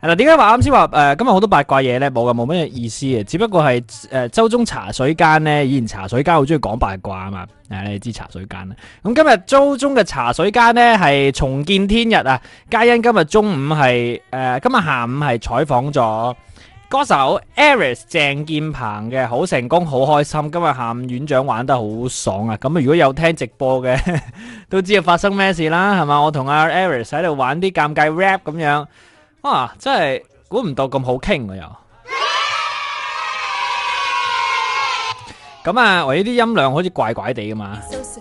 係啦，點解話啱先話誒，今日好多八卦嘢咧？冇噶，冇咩意思只不過係誒、呃，周中茶水間咧，以前茶水間好中意講八卦啊嘛，係、啊、你知茶水間啦咁、嗯、今日周中嘅茶水間咧係重見天日啊！嘉欣今日中午係誒、呃，今日下午係採訪咗歌手 Eris 鄭健鵬嘅，好成功，好開心。今日下午院長玩得好爽啊！咁、嗯、如果有聽直播嘅，都知道發生咩事啦，係嘛？我同阿 Eris 喺度玩啲尷尬 rap 咁樣。啊！真係估唔到咁好傾喎、啊，又，咁 啊！我呢啲音量好似怪怪地噶嘛，隻 so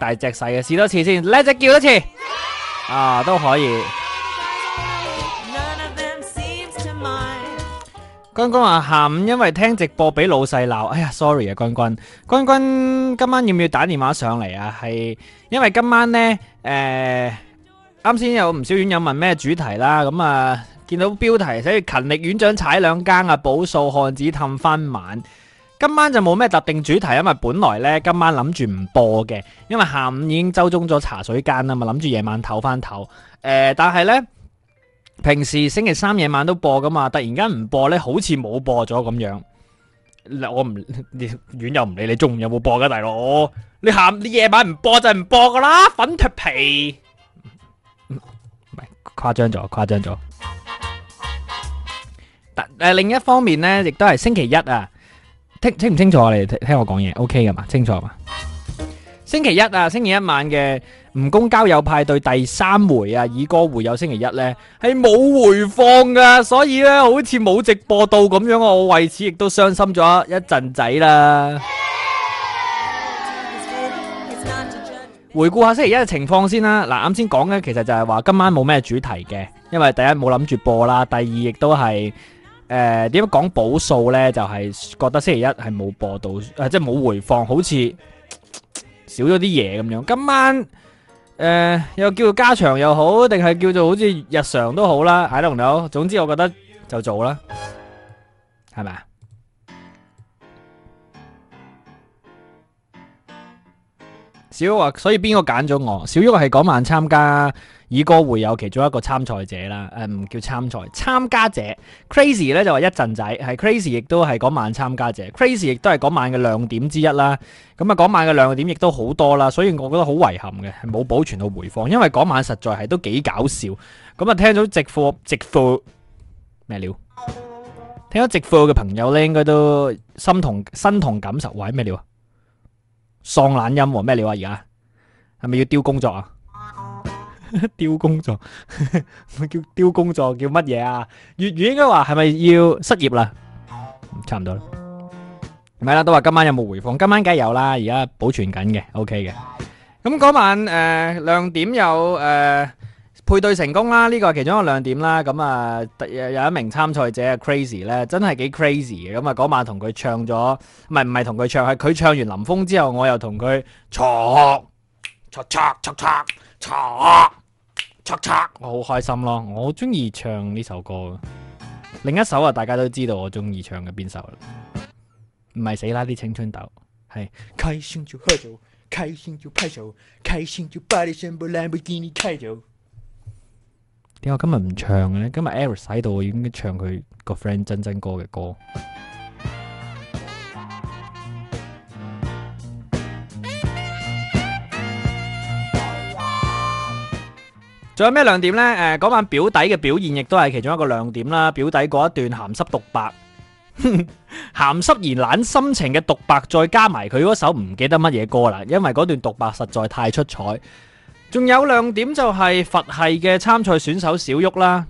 大隻細嘅試多次先，叻只叫多次， 啊都可以。 君君話下午因為聽直播俾老細鬧，哎呀，sorry 啊，君君，君君今晚要唔要打電話上嚟啊？係因為今晚呢。誒、呃。啱先有唔少院友問咩主題啦，咁啊見到標題寫住勤力院長踩兩更啊，補數漢子氹翻晚。今晚就冇咩特定主題，因為本來咧今晚諗住唔播嘅，因為下午已經周中咗茶水間啦，咪諗住夜晚唞翻唞。誒，但係咧平時星期三夜晚都播噶嘛，突然間唔播咧，好似冇播咗咁樣。我唔，你院友唔理你中午有冇播噶，大佬，你下你夜晚唔播就唔播噶啦，粉脫皮。誇張咗，誇張咗。但誒，另一方面咧，亦都係星期一啊。聽清唔清楚啊？你聽我講嘢，O K 噶嘛？清楚嘛？星期一啊，星期一晚嘅蜈蚣交友派對第三回啊，以歌會友星期一咧，係冇回放噶，所以咧好似冇直播到咁樣啊。我為此亦都傷心咗一陣仔啦。回顧下星期一嘅情況先啦。嗱，啱先講嘅，其實就係話今晚冇咩主題嘅，因為第一冇諗住播啦，第二亦都係誒，點樣講補數呢，就係覺得星期一係冇播到誒，即係冇回放，好似少咗啲嘢咁樣今晚誒又叫加長又好，定係叫做好似日常都好啦，I don't know。總之我覺得就做啦，係咪啊？小玉，所以邊個揀咗我？小玉係嗰晚參加《以歌會友》其中一個參賽者啦。誒、嗯，唔叫參賽，參加者。Crazy 咧就話一陣仔，係 Crazy 亦都係嗰晚參加者。Crazy 亦都係嗰晚嘅亮點之一啦。咁啊，嗰晚嘅亮點亦都好多啦。所以我覺得好遺憾嘅係冇保存到回放，因為嗰晚實在係都幾搞笑。咁啊，聽到直貨直貨咩料？聽到直貨嘅朋友咧，應該都心同身同感受。喂，咩料啊？喪懶音和咩料啊？而家係咪要丟工作啊？丟工作，叫丟工作叫乜嘢啊？粵語應該話係咪要失業啦？差唔多啦，係啦都話今晚有冇回放？今晚梗係有啦，而家保存緊嘅，OK 嘅。咁嗰晚誒亮點有誒。配對成功啦，呢、呢個係其中一個亮點啦。咁啊，有一名參賽者啊，crazy 咧 cra，真係幾 crazy 嘅。咁啊，嗰晚同佢唱咗，唔係，唔係同佢唱，係佢唱完林峰之後，我又同佢唱，唱唱唱唱唱，我好開心咯。我好中意唱呢首歌。另一首啊，大家都知道我中意唱嘅邊首啦，唔係死啦啲青春豆，係開心就喝酒，開心就拍手，開心就把點上部點解今日唔唱嘅咧？今日 Eric 喺度我已經唱佢個 friend 真真哥嘅歌。仲有咩亮點呢？誒、呃，嗰晚表弟嘅表現亦都係其中一個亮點啦。表弟嗰一段咸濕獨白，咸濕而懶心情嘅獨白，再加埋佢嗰首唔記得乜嘢歌啦。因為嗰段獨白實在太出彩。仲有亮點就係佛系嘅參賽選手小旭啦，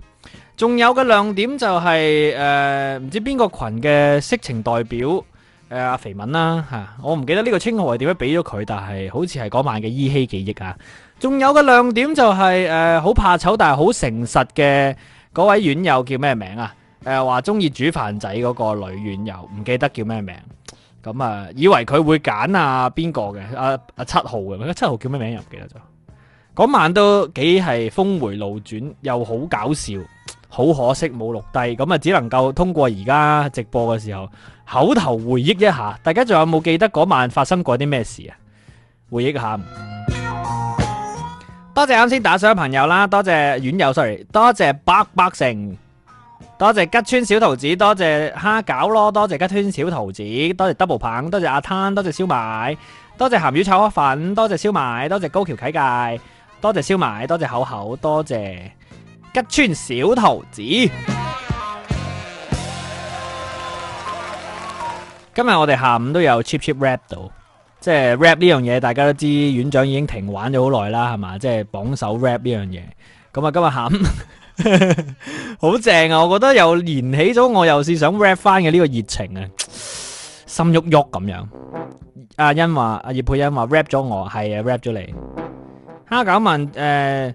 仲有嘅亮點就係誒唔知邊個群嘅色情代表誒阿、呃、肥敏啦吓、啊，我唔記得呢個稱號係點樣俾咗佢，但係好似係嗰晚嘅依稀記憶啊。仲有嘅亮點就係誒好怕醜但係好誠實嘅嗰位院友叫咩名啊？誒話中意煮飯仔嗰個女院友唔記得叫咩名，咁啊以為佢會揀啊邊個嘅啊，阿、啊、七號嘅，七號叫咩名又唔記得咗。嗰晚都幾係峰回路轉，又好搞笑，好可惜冇錄低，咁啊只能夠通過而家直播嘅時候口頭回憶一下，大家仲有冇記得嗰晚發生過啲咩事啊？回憶下，多謝啱先打賞嘅朋友啦，多謝院友 sorry，多謝百百成，多謝吉川小桃子，多謝蝦餃咯，多謝吉川小桃子，多謝 double 棒，多謝阿灘，多謝燒賣，多謝鹹魚炒河粉，多謝燒賣，多謝高橋啟介。多謝燒賣，多謝口口，多謝吉川小桃子。今日我哋下午都有 cheap cheap rap 到，即係 rap 呢樣嘢，大家都知院長已經停玩咗好耐啦，係嘛？即係榜首 rap 呢樣嘢，咁啊今日下午 好正啊！我覺得又燃起咗，我又是想 rap 翻嘅呢個熱情動動啊，心喐喐咁樣。阿欣話，阿葉佩欣話 rap 咗我，係啊，rap 咗你。哈狗問，誒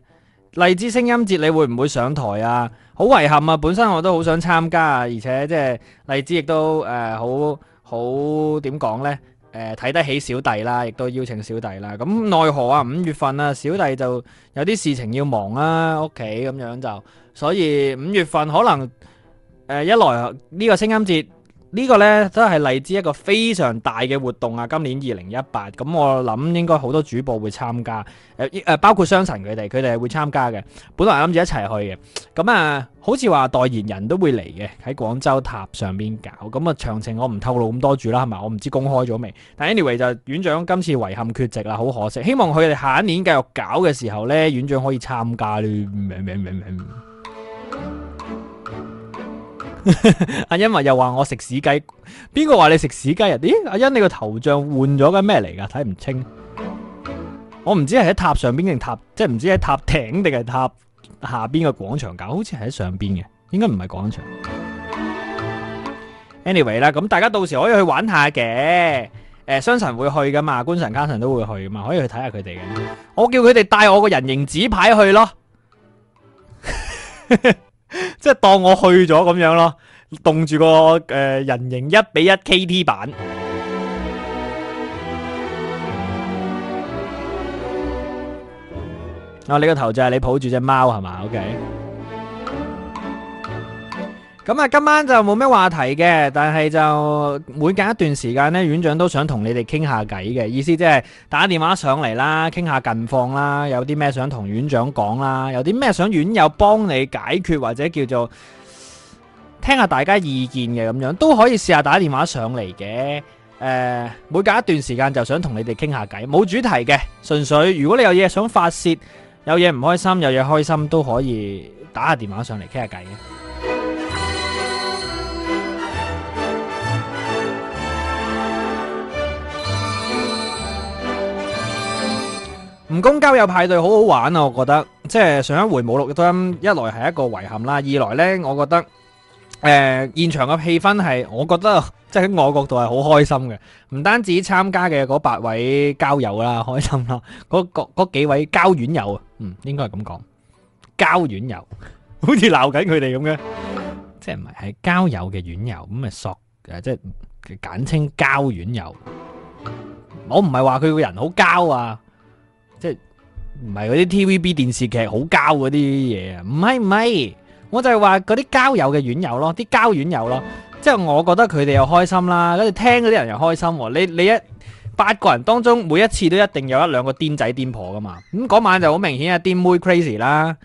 荔枝聲音節，你會唔會上台啊？好遺憾啊，本身我都好想參加啊，而且即係荔枝亦都誒好好，點講呢，誒睇得起小弟啦，亦都邀請小弟啦。咁奈何啊，五月份啊，小弟就有啲事情要忙啊，屋企咁樣就，所以五月份可能誒一來呢個聲音節。呢個呢，都係荔枝一個非常大嘅活動啊！今年二零一八，咁我諗應該好多主播會參加，呃、包括雙陳佢哋，佢哋係會參加嘅。本來諗住一齊去嘅，咁啊，好似話代言人都會嚟嘅，喺廣州塔上面搞。咁啊，詳情我唔透露咁多住啦，係咪？我唔知公開咗未。但 anyway 就院長今次遺憾缺席啦，好可惜。希望佢哋下一年繼續搞嘅時候呢，院長可以參加。嗯嗯嗯嗯。阿欣話又話我食屎雞，邊個話你食屎雞啊？咦，阿欣你個頭像換咗個咩嚟噶？睇唔清，我唔知係喺塔上邊定塔，即係唔知喺塔頂定係塔下邊嘅廣場搞，好似係喺上邊嘅，應該唔係廣場。Anyway 啦，咁大家到時可以去玩下嘅，誒，雙神會去噶嘛，官神、家神都會去噶嘛，可以去睇下佢哋嘅。我叫佢哋帶我個人形紙牌去咯。 即係當我去咗咁樣咯，凍住個誒、呃、人形一比一 KT 版。 啊，你個頭就係你抱住隻貓係嘛？OK。咁啊，今晚就冇咩話題嘅，但係就每隔一段時間呢，院長都想同你哋傾下偈嘅，意思即係打電話上嚟啦，傾下近況啦，有啲咩想同院長講啦，有啲咩想院友幫你解決或者叫做聽下大家意見嘅咁樣，都可以試下打電話上嚟嘅。誒、呃，每隔一段時間就想同你哋傾下偈，冇主題嘅，純粹如果你有嘢想發泄，有嘢唔開心，有嘢開心，開心都可以打下電話上嚟傾下偈嘅。蜈蚣交友派對好好玩啊！我覺得即係上一回冇錄音，一來係一個遺憾啦，二來呢，我覺得誒、呃，現場嘅氣氛係，我覺得即係喺我角度係好開心嘅。唔單止參加嘅嗰八位交友啦，開心啦，嗰嗰幾位交遠友啊，嗯，應該係咁講，交院友，好似鬧緊佢哋咁嘅，即係唔係係交友嘅院友咁咪索即係、就是、簡稱交院友。我唔係話佢個人好交啊。即係唔係嗰啲 TVB 電視劇好交嗰啲嘢啊？唔係唔係，我就係話嗰啲交友嘅院友咯，啲交院友咯。即係我覺得佢哋又開心啦，跟住聽嗰啲人又開心，啊。你你一八個人當中，每一次都一定有一兩個癲仔癲婆噶嘛。咁、嗯、嗰晚就好明顯啊，癲妹 crazy 啦，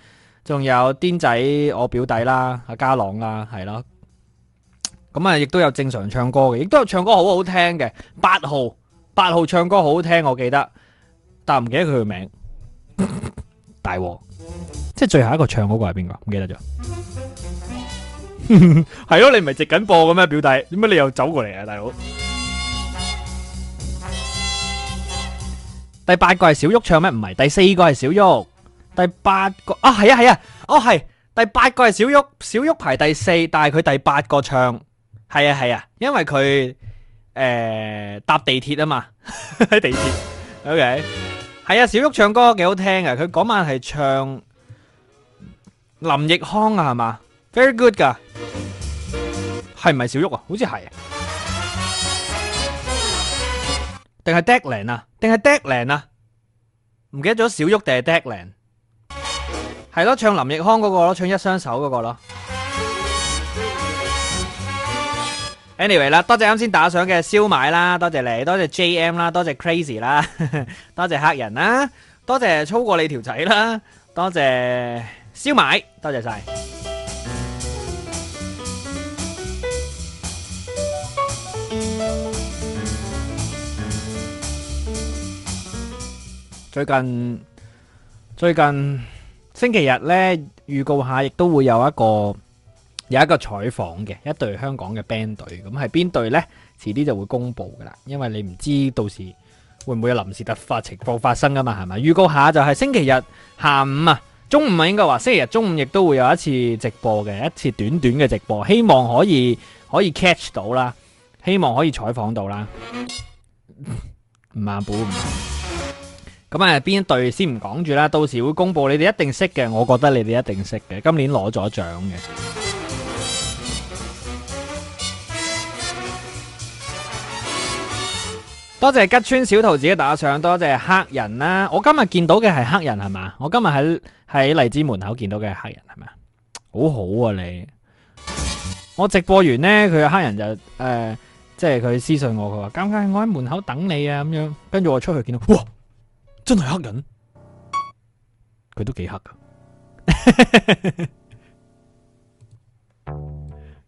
仲有癲仔我表弟啦，阿家朗啦，係咯。咁啊，亦都有正常唱歌嘅，亦都有唱歌好好聽嘅。八號八號唱歌好好聽，我記得。但唔記得佢嘅名，大鑊， 即係最後一個唱嗰個係邊個？唔記得咗？係 咯，你唔係直緊播嘅咩，表弟？點解你又走過嚟啊，大佬？第八個係小旭唱咩？唔、啊、係，第四個係小旭，第八個啊，係啊係啊，哦係，第八個係小旭，小旭排第四，但係佢第八個唱，係啊係啊，因為佢誒、呃、搭地鐵啊嘛，喺 地鐵。O.K. 係啊，小旭唱歌幾好聽噶，佢嗰晚係唱林奕匡啊，係嘛？Very good 噶，係唔係小旭啊？好似係啊，定係 Declan 啊？定係 Declan 啊？唔記得咗小旭定係 Declan？係咯，唱林奕匡嗰個咯，唱一雙手嗰個咯。Anyway 啦，多謝啱先打賞嘅燒賣啦，多謝你，多謝 JM 啦，多謝 Crazy 啦，多謝客人啦，多謝操過你條仔啦，多謝燒賣，多謝晒。最近最近星期日呢，預告下亦都會有一個。有一個採訪嘅一隊香港嘅 band 隊，咁係邊隊呢？遲啲就會公布噶啦，因為你唔知到時會唔會有臨時突發情況發生噶嘛，係咪？預告下就係星期日下午啊，中午啊，應該話星期日中午亦都會有一次直播嘅，一次短短嘅直播，希望可以可以 catch 到啦，希望可以採訪到啦。唔 啊，寶，咁啊，邊一隊先唔講住啦，到時會公布，你哋一定識嘅，我覺得你哋一定識嘅，今年攞咗獎嘅。多謝吉川小桃子嘅打賞，多謝黑人啦、啊！我今日見到嘅係黑人係咪？我今日喺喺荔枝門口見到嘅係黑人係咪？好好啊你！我直播完呢，佢黑人就誒、呃，即係佢私信我，佢話啱啱，我喺門口等你啊咁樣，跟住我出去見到，哇，真係黑人，佢都幾黑噶，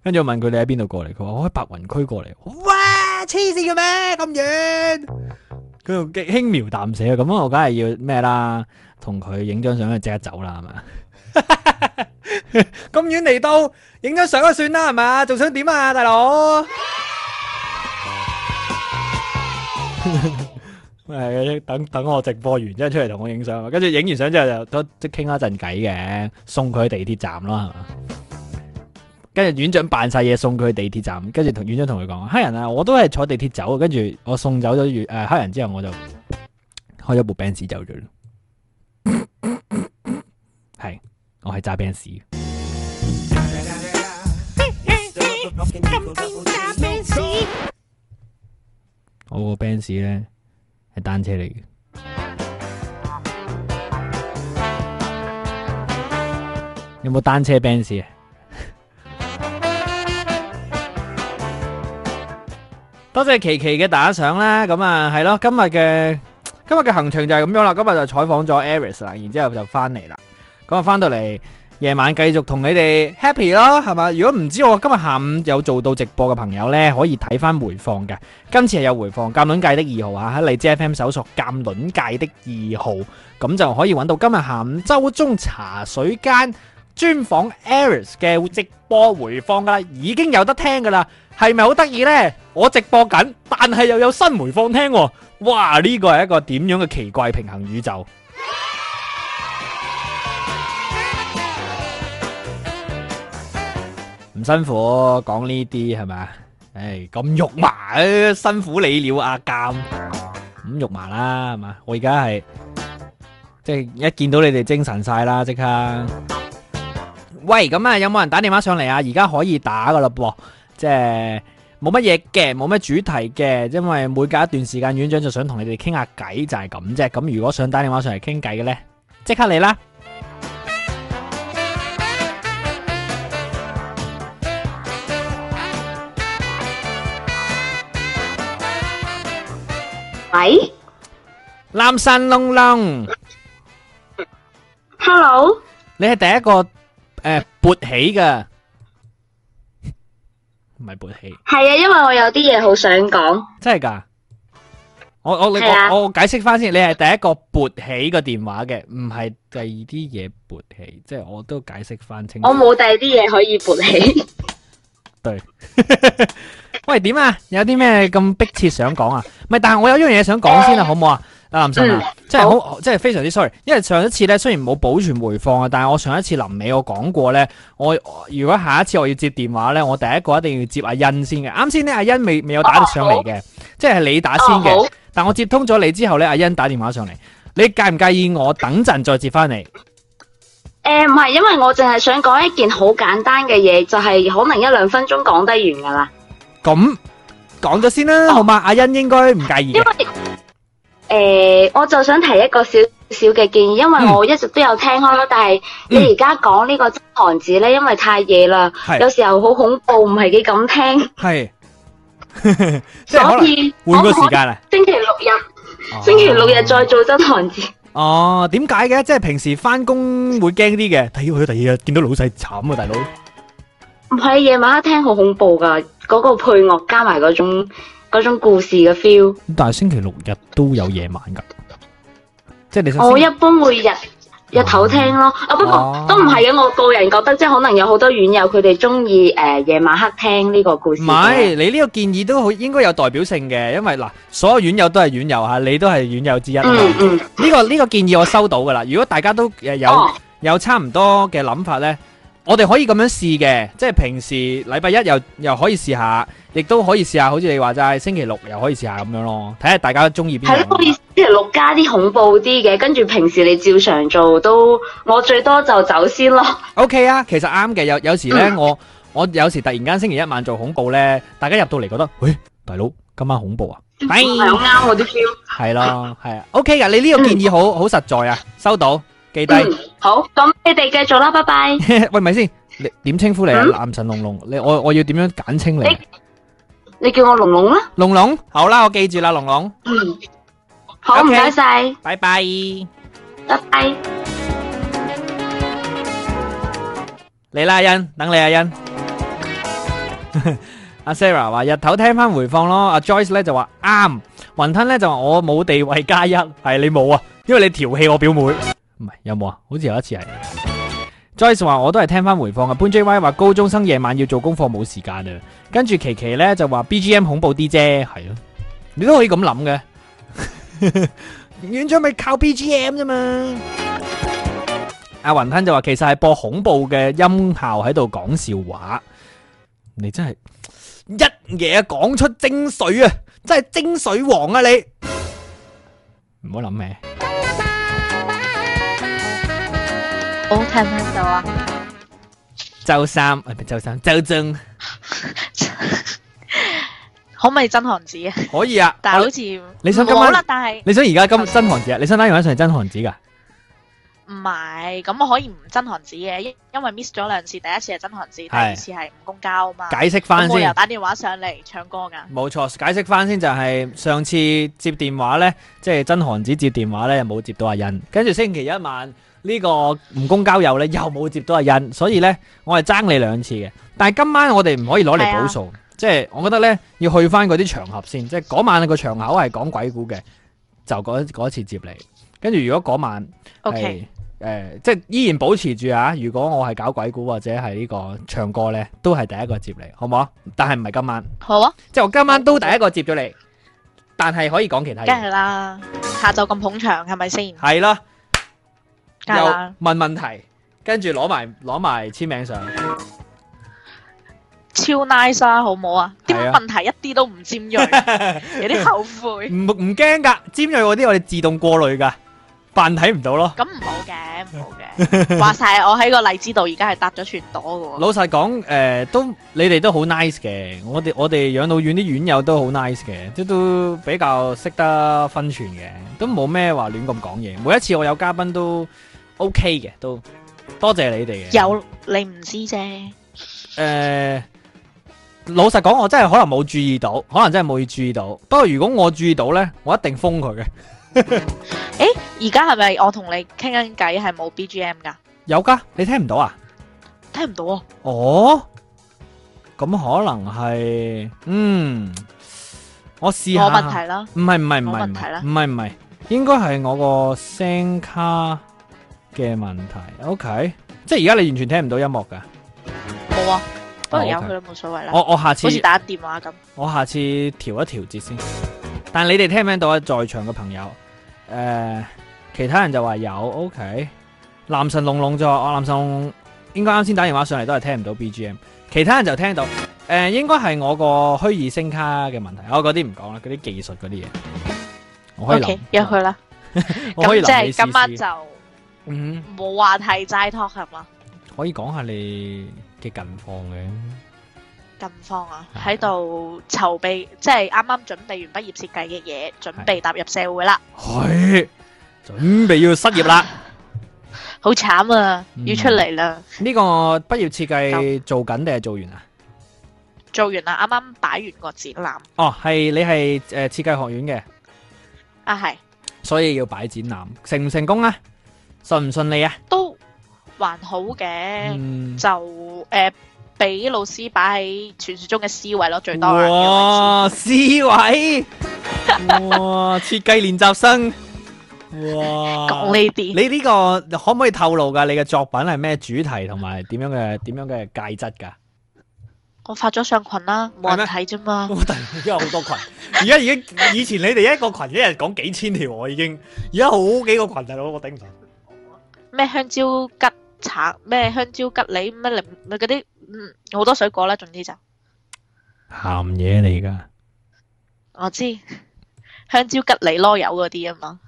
跟 住我問佢你喺邊度過嚟？佢話我喺白雲區過嚟。黐線嘅咩？咁遠，佢又輕描淡寫啊！咁我梗係要咩啦？同佢影張相就即刻走啦，係嘛？咁遠嚟到影張相都算啦，係嘛？仲想點啊，大佬？誒，等等我直播完之後出嚟同我影相，跟住影完相之後就即傾一陣偈嘅，送佢去地鐵站咯，係嘛？跟住院長扮晒嘢，送佢去地鐵站。跟住同院長同佢講黑人啊，我都係坐地鐵走。跟住我送走咗誒黑人之後，我就開咗部奔馳走咗。係，我係揸奔馳。我個奔馳咧係單車嚟嘅。有冇單車奔馳啊？多謝琪琪嘅打賞啦，咁啊係咯，今日嘅今日嘅行程就係咁樣啦。今日就採訪咗 Aris 啦，然之後就翻嚟啦。咁啊翻到嚟夜晚繼續同你哋 happy 咯，係嘛？如果唔知我今日下午有做到直播嘅朋友呢，可以睇翻回放嘅。今次係有回放《鑑卵界的二號》啊，喺荔枝 FM 搜索《鑑卵界的二號》，咁就可以搵到今日下午周中茶水間專訪 Aris 嘅直播回放噶啦，已經有得聽噶啦。係咪好得意呢？我直播緊，但係又有新回放聽，哦。哇！呢個係一個點樣嘅奇怪的平行宇宙？唔、嗯、辛苦講呢啲係嘛？誒咁、哎、肉麻，辛苦你了啊！咁咁、嗯、肉麻啦，係嘛？我而家係即係一見到你哋精神晒啦，即刻。喂，咁啊有冇人打電話上嚟啊？而家可以打噶啦噃。即係冇乜嘢嘅，冇乜主題嘅，因為每隔一段時間，院長就想同你哋傾下偈，就係咁啫。咁如果想打電話上嚟傾偈嘅呢，即刻嚟啦！喂，南山窿窿，Hello，你係第一個誒，呃，撥起嘅。唔係撥起，係啊，因為我有啲嘢好想講，真係噶，我我你的我，我解釋翻先，你係第一個撥起個電話嘅，唔係第二啲嘢撥起，即係我都解釋翻清楚，我冇第二啲嘢可以撥起， 對， 喂，點啊？有啲咩咁迫切想講啊？咪但係我有一樣嘢想講先啊，嗯、好唔好啊？阿林生啊，即係好，即係好非常之 sorry，因為上一次咧，雖然冇保存回放啊，但係我上一次臨尾我講過咧，我，我如果下一次我要接電話咧，我第一個一定要接阿欣先嘅。啱、嗯、先咧，阿欣未未有打到上嚟，嘅，好即係你打先嘅。好但我接通咗你之後咧，阿欣打電話上嚟，你介唔介意我等陣再接翻你？誒、呃，唔係，因為我淨係想講一件好簡單嘅嘢，就係、是、可能一兩分鐘講得完噶啦。咁講咗先啦，好嘛？阿欣應該唔介意嘅。因誒、呃，我就想提一個小小嘅建議，因為我一直都有聽開咯，嗯、但係你而家講呢個真漢字呢，因為太夜啦，是有時候好恐怖，唔係幾敢聽。係是， 所以換個時間啦，星期六日，啊、星期六日再做真漢字。哦、啊，點解嘅？即係平時翻工會驚啲嘅，睇，二去第二日見到老細慘啊，大佬。唔係夜晚黑聽好恐怖噶，嗰、那個配樂加埋嗰種嗰種故事嘅 feel，但係星期六日都有夜晚噶，即係你我一般會日日頭聽咯。啊、哦，不過都唔係嘅，我個人覺得即係可能有好多院友佢哋中意誒夜晚黑聽呢個故事。唔係，你呢個建議都好應該有代表性嘅，因為嗱，所有院友都係院友吓，你都係院友之一。呢、嗯嗯呢個呢、呢個建議我收到噶啦。如果大家都誒有有差唔多嘅諗法咧，我哋可以咁樣試嘅，即係平時禮拜一又又可以試下，亦都可以試下，好似你話齋星期六又可以試下咁樣咯，睇下大家中意邊。係都可以，星期六加啲恐怖啲嘅，跟住平時你照常做都，我最多就走先咯。OK 啊，其實啱嘅，有有時呢我我有時突然間星期一晚做恐怖呢，大家入到嚟覺得，喂、欸，大佬今晚恐怖啊，反而好啱我啲 feel。係咯，係啊，O K 噶，你呢個建議好好實在啊，收到。記低好，咁你哋繼續啦，拜拜。喂，咪先，你點稱呼你啊？男神龍龍，你我我要點樣簡稱你？你叫我龍龍啦，龍龍好啦，我記住啦，龍龍。嗯，好唔該晒，拜拜，拜拜。你啦，欣，等你啊，欣。阿 Sarah 話日頭聽翻回放咯，阿 Joyce 咧就話啱，雲吞咧就話我冇地位加一係你冇啊，因為你調戲我表妹。唔係有冇啊？好似有一次係 Joyce 話我都係聽翻回放啊。潘 J Y 話高中生夜晚要做功課冇時間啊。跟住琪琪咧就話 B G M 恐怖啲啫，係咯，你都可以咁諗嘅。院長咪靠 B G M 啫嘛。阿雲、 啊、吞就話其實係播恐怖嘅音效喺度講笑話。你真係一嘢講出精髓啊！真係精髓王啊你。唔好諗咩。 好，聽唔聽到啊？周三，唔係周三，周正，可唔可以真漢子啊？可以啊，但係好似，你想今晚，但係不你想而家今真漢子啊？ 你想單用緊係真漢子噶？唔係，咁我可以唔真漢子嘅，因因為 miss 咗兩次，第一次係真漢子，第二次係唔公交啊嘛。解釋翻先，我又打電話上嚟唱歌噶。冇錯，解釋翻先就係上次接電話咧，即係真漢子接電話咧又冇接到阿印，跟住星期一晚。呢個唔公交友呢又冇接到阿欣，所以呢，我係爭你兩次嘅。但係今晚我哋唔可以攞嚟補數，是啊、即係我覺得呢，要去翻嗰啲場合先。即係嗰晚嗰個場口係講鬼故嘅，就嗰一次接你。跟住如果嗰晚係誒 Okay.、呃，即係依然保持住啊！如果我係搞鬼故或者係呢個唱歌呢，都係第一個接你，好唔好？但係唔係今晚。好啊，即係我今晚都第一個接咗你，啊、但係可以講其他嘢。梗係啦，下晝咁捧場係咪先？係啦。又問問題，跟住攞埋攞埋簽名相，超 nice 啊！好唔好啊？啲問題一啲都唔尖銳，有啲後悔。唔唔驚㗎，尖銳嗰啲我哋自動過濾㗎，扮睇唔到咯。咁唔好嘅，唔好嘅。話晒。 我喺個荔枝度，而家係搭咗全朵喎。老實講，呃，都你哋都好 nice 嘅，我哋我哋養老院啲院友都好 nice 嘅，即都比較識得分寸嘅，都冇咩話亂咁講嘢。每一次我有嘉賓都。O K 嘅都多謝你哋嘅有你唔知啫。誒，uh, 老實講，我真係可能冇注意到，可能真係冇注意到。不過如果我注意到呢，我一定封佢嘅。誒 、欸，而家係咪我同你傾緊偈係冇 B G M 噶有噶，你聽唔到啊？聽唔到啊？哦，咁可能係嗯，我試下。冇問題啦。唔係唔係唔係唔係唔係唔係，應該係我個聲卡嘅問題，OK，即係而家你完全聽唔到音樂㗎，冇啊，幫人有佢啦，冇、oh, okay. 所謂啦。我我下次好似打電話咁，我下次調一調節先。但係你哋聽唔聽到啊？在場嘅朋友，誒、呃，其他人就話有，OK 男龍龍、哦。男神龍龍就我男神應該啱先打電話上嚟都係聽唔到 BGM，其他人就聽到，誒、呃，應該係我個虛擬聲卡嘅問題，我嗰啲唔講啦，嗰啲技術嗰啲嘢，我可以諗入、okay, 去啦。咁 即係今晚就。嗯，冇話題齋 talk 係嘛？可以講下你嘅近況嘅近況啊，喺度籌備，即係啱啱準備完畢業設計嘅嘢，準備踏入社會啦，係準備要失業啦，好慘啊，要出嚟啦！呢個畢業設計做緊定係做完啊？做完啦，啱啱擺完個展覽。哦，係你係誒設計學院嘅啊，係，所以要擺展覽，成唔成功啊？順唔順利啊？都還好嘅，嗯、就誒俾、呃、老師擺喺傳說中嘅 C 位咯，最多哇，C 位，哇，設計練習生， 哇，講呢啲，你呢個可唔可以透露噶？你嘅作品係咩主題同埋點樣嘅點樣嘅介質噶？我發咗上群啦，冇人睇啫嘛。突然之間好多群，而家 已經以前你哋一個群一日講幾千條我已經，而家好幾個群大佬，我頂唔順。咩香蕉吉橙，咩香蕉吉梨，咩嚟嗰啲，嗯，好多水果啦，總之就鹹嘢嚟噶。我知香蕉吉梨羅柚嗰啲啊嘛。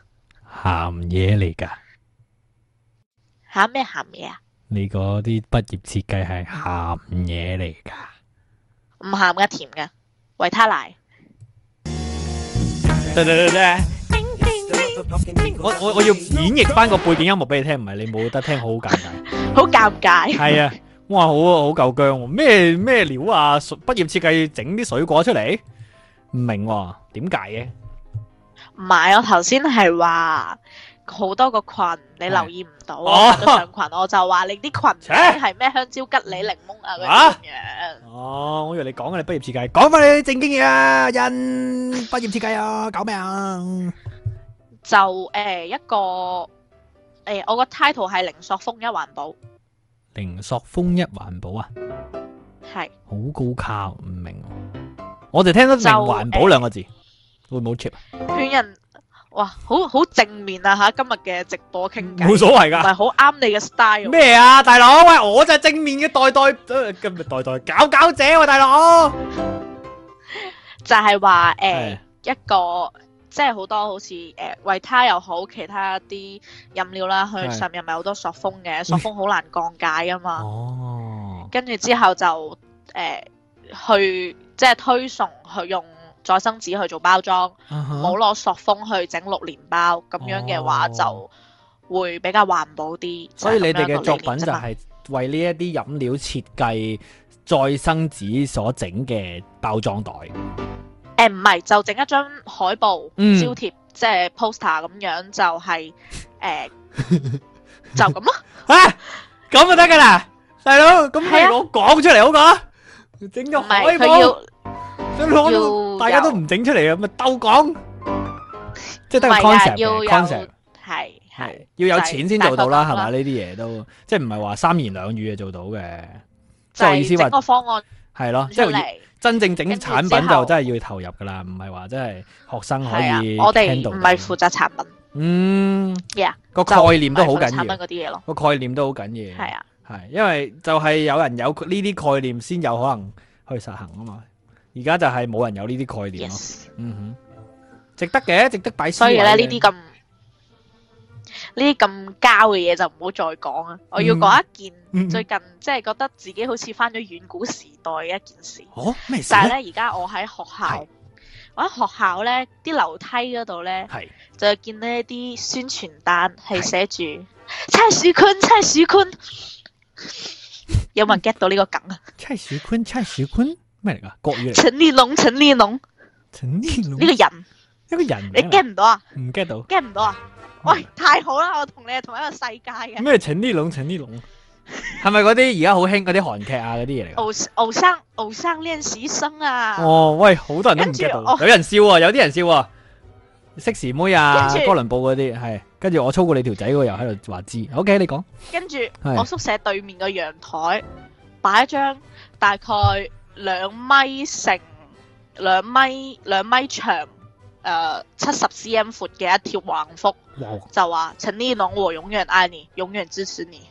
鹹嘢嚟噶？吓？咩鹹嘢啊？你嗰啲畢業設計係鹹嘢嚟噶？唔鹹噶，甜噶，維他奶。 我我我要演繹翻個背景音樂俾你聽，唔係你冇得聽，好尷尬。好尷 尷尬。係 啊，哇，好，好夠薑啊，好夠薑，咩咩料啊？畢業設計整啲水果出嚟，唔明喎，啊，點解嘅？唔係，我頭先係話好多個群，你留意唔到啊？群群，我就話你啲群係咩香蕉、桔、梨、檸檬啊嗰啲樣。哦麼、啊啊，我以為你講啊，你畢業設計，講翻你啲正經嘢啊，人畢業設計啊，搞咩啊？就誒一個誒，我個 title 係凌索峰一環保，凌索峰一環保啊，係好高卡，唔明，我哋聽得環保兩個字，會唔會 cheap？勸人哇，好好正面啊吓，今日嘅直播傾偈，冇所謂噶，係好啱你嘅 style。咩啊，大佬，喂，我就係正面嘅代代今日代代搞搞者喎，大佬，就係話誒一個。即係好多好似誒維他又好，其他一啲飲料啦，佢上面咪好多塑封嘅，塑的封好難降解啊嘛。哦。跟住之後就誒去、呃、即係推崇去用再生紙去做包裝，冇攞塑封去整六年包咁、哦、樣嘅話，就會比較環保啲。所以你哋嘅作品就係為呢一啲飲料設計再生紙所整嘅包裝袋。誒，唔係就整一張海報、招貼，即係 poster 咁樣就係誒，就咁咯吓，咁就得噶啦，細佬咁你攞講出嚟好唔好？整到可以講，大家都唔整出嚟咁咪鬥講，即係得個 concept，concept 係係要有錢先做到啦，係嘛？呢啲嘢都即係唔係話三言兩語就做到嘅，即係意思話個方案係咯，即係。真正整產品就真係要投入噶啦，唔係話真係學生可以聽到，啊。我哋唔係負責產品。嗯。y Yeah ,個概念都好緊要。嗰啲嘢咯。個概念都好緊要。係啊。係，因為就係有人有呢啲概念先有可能去實行啊嘛。而家就係冇人有呢啲概念咯。Yes. 嗯哼。值得嘅，值得擺書。所以咧，呢啲咁。呢啲咁膠嘅嘢就唔好再講啊！我要講一件最近即係覺得自己好似翻咗遠古時代嘅一件事。哦，咩事？但係咧，而家我喺學校，我喺學校咧啲樓梯嗰度咧，就見咧啲宣傳單係寫住蔡徐坤，蔡徐坤有冇人 get 到呢個梗啊？蔡徐坤，蔡徐坤咩嚟噶？國語。陳立農，陳立農，陳立農呢個人，一個人你 get 唔到啊？唔 get 到。get 唔到啊？喂，太好啦！我同你係同一個世界嘅。咩請啲龍，請啲龍？係咪嗰啲而家好興嗰啲韓劇啊嗰啲嚟嘅？《偶像偶像練屎生》啊！哦，喂，好多人都唔知道。有人笑啊，有啲人笑啊。色時妹啊，著哥倫布嗰啲係，跟住我操過你條仔喎，又喺度話知。OK，你講。跟住我宿舍對面個陽台擺一張大概兩米乘兩米兩米長。誒，七十 cm 闊嘅一條橫幅，就話陳立農我永遠愛你，永遠支持你。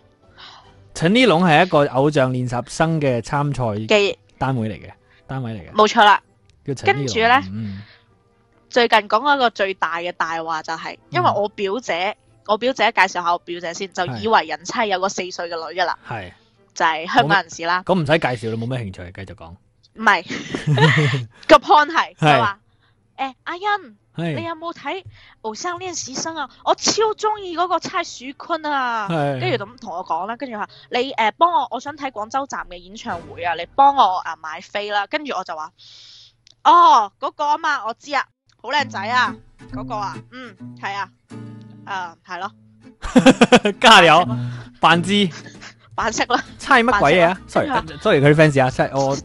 陳立農係一個偶像練習生嘅參賽嘅單位嚟嘅，單位嚟嘅，冇錯啦。跟住呢最近講一個最大嘅大話就係，因為我表姐，我表姐介紹下我表姐先，就以為人妻有個四歲嘅女噶啦，係就係香港人士啦。咁唔使介紹啦，你冇咩興趣，繼續講。唔係個 point 係，誒、欸，阿欣，是你有冇睇《無雙戀人史生》啊？我超中意嗰個差鼠坤啊，是就跟住咁同我講啦，跟住話你誒，幫、呃、我，我想睇廣州站嘅演唱會啊，你幫我啊買飛啦、啊，跟住我就話，哦，嗰、那個啊嘛，我知啊，好靚仔啊，嗰、那個啊，嗯，係啊，誒，係咯，加油，扮知，扮識啦，猜乜鬼嘢啊？sorry，sorry，佢哋 fans 啊，我、啊。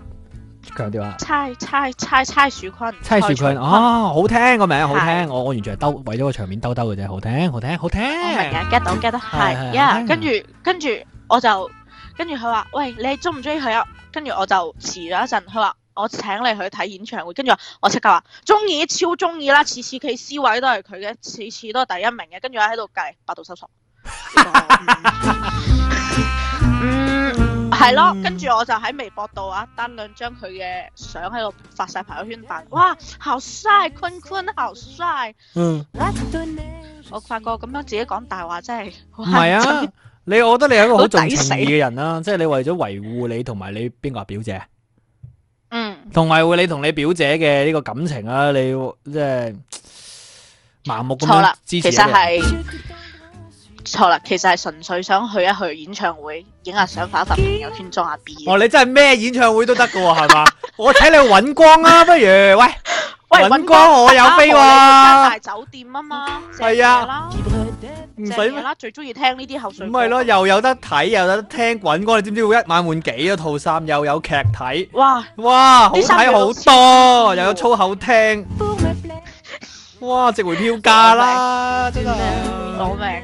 強調啊！猜猜猜猜鼠坤，猜鼠坤哦，好聽個名，好聽，我我完全係兜為咗個場面兜兜嘅啫，好聽，好聽，好聽。我明嘅，get 到，get 到，係，跟住跟住我就跟住佢話，喂，你中唔中意佢啊？跟住我就遲咗一陣，佢話我請你去睇演唱會，跟住我我即刻話中意，超中意啦，次次企 C 位都係佢嘅，次次都係第一名嘅，跟住我喺度計百度搜索。係 咯，跟住我就喺微博度啊，單兩張佢嘅相喺度發晒朋友圈發，哇，好帥坤坤，坤坤好帥，嗯、我發覺咁樣自己講大話真係唔係啊！是你我覺得你係一個好重情義嘅人啦、啊，即係你為咗維護你同埋你邊個表姐，嗯，同維護你同你表姐嘅呢個感情啊。你即係盲目咁樣支持其實係。錯啦，其實係純粹想去一去演唱會，影下相發一發朋友圈，裝下 B。哦，你真係咩演唱會都得噶，係嘛？我睇你揾光啦，不如，喂，揾光我有飛喎。大酒店啊嘛，係啊，唔使啦，最中意聽呢啲口水歌。唔係咯，又有得睇，又有得聽，揾光你知唔知會一晚換幾多套衫，又有劇睇。哇哇，好睇好多，又有粗口聽。哇，值回票價啦，真係攞命。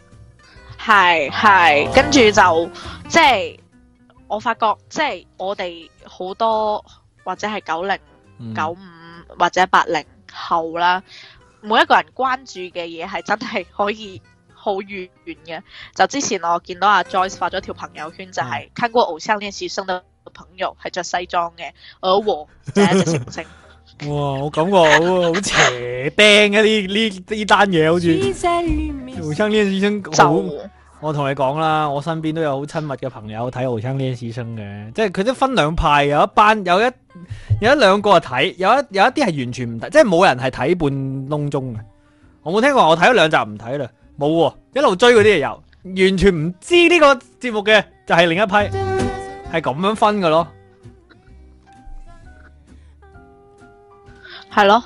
係係，跟住就、oh. 即係我發覺，即係我哋好多或者係九零、九五或者八零後啦，mm. 每一個人關注嘅嘢係真係可以好遠遠嘅。就之前我見到阿、啊、Joyce 發咗條朋友圈，就是，就係、mm. 看過《偶像練習生》的朋友係着西裝嘅，我和就是、一隻星星。 哇，我感覺好邪釘嘅呢呢呢單嘢，好似敖醫生好。 我同你講啦，我身邊都有好親密嘅朋友睇敖青呢醫生嘅，即係佢都分兩派，有一班有一有一兩個係睇，有一有一啲係完全唔睇，即係冇人係睇半鐘鐘嘅。我冇聽過，我睇咗兩集唔睇啦，冇、啊、一路追嗰啲有完全唔知呢個節目嘅，就係另一批係咁 樣分㗎咯。係咯，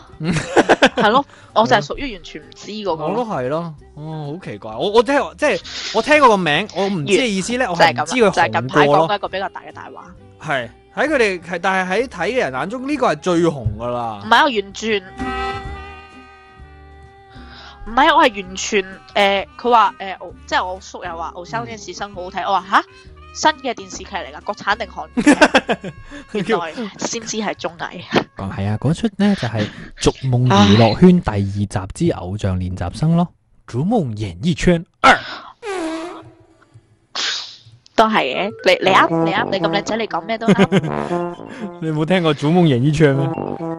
係 咯，我就係屬於完全唔知嗰、嗰個。我都係咯，哦，好奇怪，我我聽即係我聽過個名，我唔知嘅意思咧，就係，我知佢係近排講嘅一個比較大嘅大話。係喺佢哋係，但係喺睇嘅人眼中呢，呢個係最紅噶啦。唔係我完全，唔係我係完全誒，佢話誒，即係我叔又話《傲山事使生》好好睇，我話吓。我好看我說新嘅電視劇嚟噶，國產定韓？原來先知係綜藝。係啊，嗰出呢就係《逐夢娛樂圈》第二集之《偶像練習生》咯，《逐夢演藝圈二》都係嘅。你你啱你啱，你咁靚仔，你講咩都啱。你冇聽過《逐夢演藝圈》咩？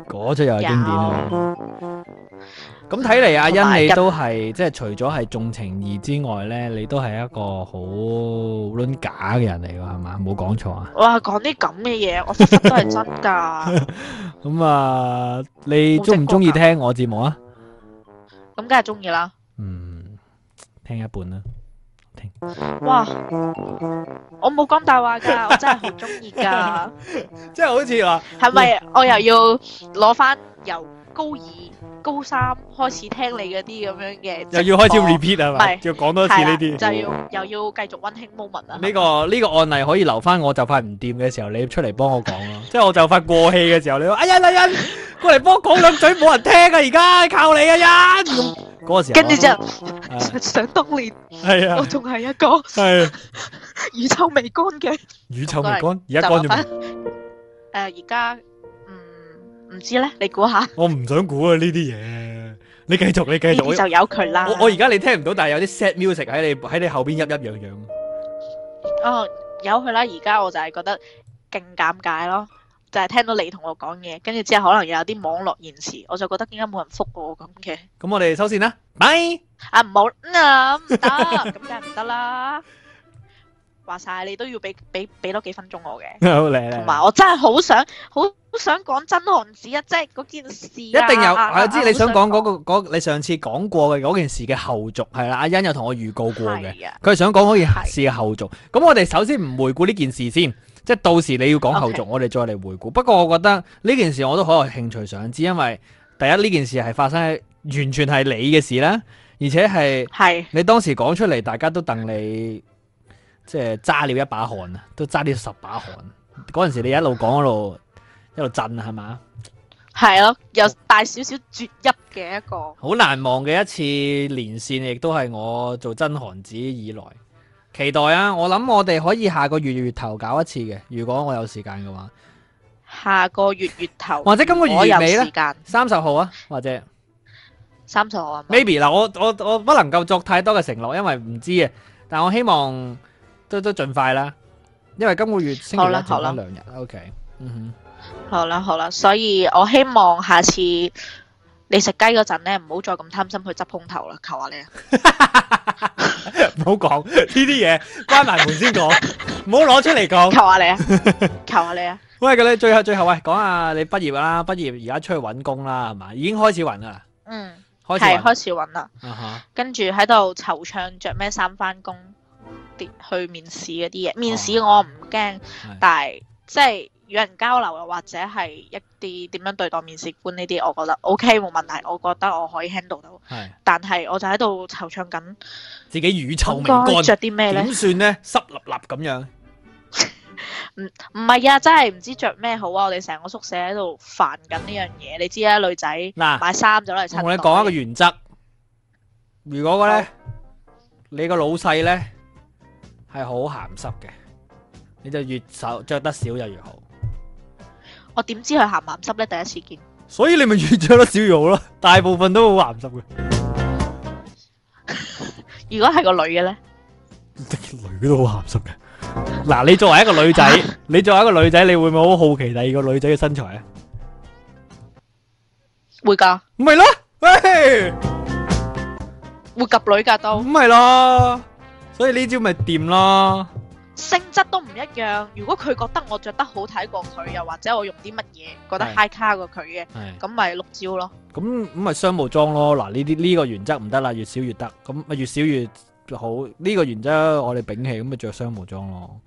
嗰出又係經典。咁睇嚟，阿欣你都係即係除咗係重情義之外咧，你都係一個好冇論假嘅人嚟噶，係嘛？冇講錯啊！哇，講啲咁嘅嘢，我分分都係真噶。咁啊，你中唔中意聽我節目啊？咁梗係中意啦。嗯，聽一半啦，聽。哇！我冇講大話噶，我真係好中意噶。即係好似話係咪？我又要攞翻油。高二、高三開始聽你嗰啲咁樣嘅，又要開始 repeat 係嘛？要講多次呢啲，就要又要繼續溫馨 moment 啊！呢個呢個案例可以留翻，我就快唔掂嘅時候，你出嚟幫我講咯。即係我就快過氣嘅時候，你話：哎呀，阿欣，過嚟幫我講兩嘴，冇人聽啊！而家靠你啊，欣。嗰個時候。跟住就想當年，係啊，我仲係一個係乳臭未乾嘅乳臭未乾，而家乾咗未？誒，而家。唔知咧，你估下？我唔想估啊，呢啲嘢，你繼續，你繼續就有佢啦。我而家你聽唔到，但係有啲 sad music 喺你喺你後邊入入樣樣。哦，有佢啦！而家我就係覺得勁尷尬咯，就係、是、聽到你同我講嘢，跟住之後可能又有啲網絡延遲，我就覺得點解冇人覆我咁嘅？咁我哋收線 啦，拜。啊唔好啊，唔得，咁梗係唔得啦。話晒，你都要俾俾多幾分鐘我嘅，同埋我真係好想好想講真漢子啊！即係嗰件事，一定有啊！我知你想講嗰個你上次講過嘅嗰件事嘅後續係啦，阿欣又同我預告過嘅，佢係想講嗰件事嘅後續。咁我哋首先唔回顧呢件事先，即係到時你要講後續，我哋再嚟回顧。不過我覺得呢件事我都好有興趣想知，因為第一呢件事係發生喺完全係你嘅事啦，而且係你當時講出嚟，大家都等你。即係揸了一把汗啊，都揸啲十把汗。嗰陣時你一路講一路一路震係嘛？係咯，有大少少啜泣嘅一個。好難忘嘅一次連線，亦都係我做真漢子以來。期待啊！我諗我哋可以下個月月頭搞一次嘅，如果我有時間嘅話。下個月月頭或者今個月尾咧？三十號啊，或者三十號啊。Maybe 嗱，我我我不能夠作太多嘅承諾，因為唔知啊。但我希望。都都盡快啦，因為今個月星期一、星期二兩日，OK，嗯哼，好啦好啦，所以我希望下次你食雞嗰陣咧，唔好再咁貪心去執空頭啦，求下你啊！唔好講呢啲嘢，關埋門先講，唔好攞出嚟講。求下你啊！求下你啊！ 喂，你最後最後喂，講下你畢業啦，畢業而家出去搵工啦，係嘛？已經開始搵啦，嗯，係開始搵啦，跟住喺度惆悵着咩衫翻工。啲去面試嗰啲嘢，面試我唔驚，哦、係但係即係與人交流又或者係一啲點樣對待面試官呢啲，我覺得 OK 冇問題，我覺得我可以 handle 到。係的但係我就喺度惆悵緊自己乳臭未乾，着啲咩呢？點算呢？濕立立咁樣？唔唔係啊，真係唔知着咩好啊！我哋成個宿舍喺度煩緊呢樣嘢，你知啊，女仔嗱買衫就嚟、啊，我同你講一個原則，如果個呢，哦、你個老細呢？係好鹹濕嘅，你就越少着得少又越好。我點知佢鹹唔鹹濕咧？第一次見。所以你咪越着得少越好咯，大部分都好鹹濕嘅。 如果係個女嘅咧，女嘅都好鹹濕嘅。嗱， 你作為一個女仔， 你作為一個女仔，你會唔會好好奇第二個女仔嘅身材啊？會噶的，唔係咯，喂會夾女噶都，唔係咯。所以呢招咪掂咯，性質都唔一樣。如果佢覺得我着得好睇過佢，又或者我用啲乜嘢覺得 high 卡過佢嘅，咁咪六招咯。咁咁咪商務裝咯。嗱，呢啲呢個原則唔得啦，越少越得。咁咪越少越好。呢個原則我哋摒棄，咁咪着商務裝咯。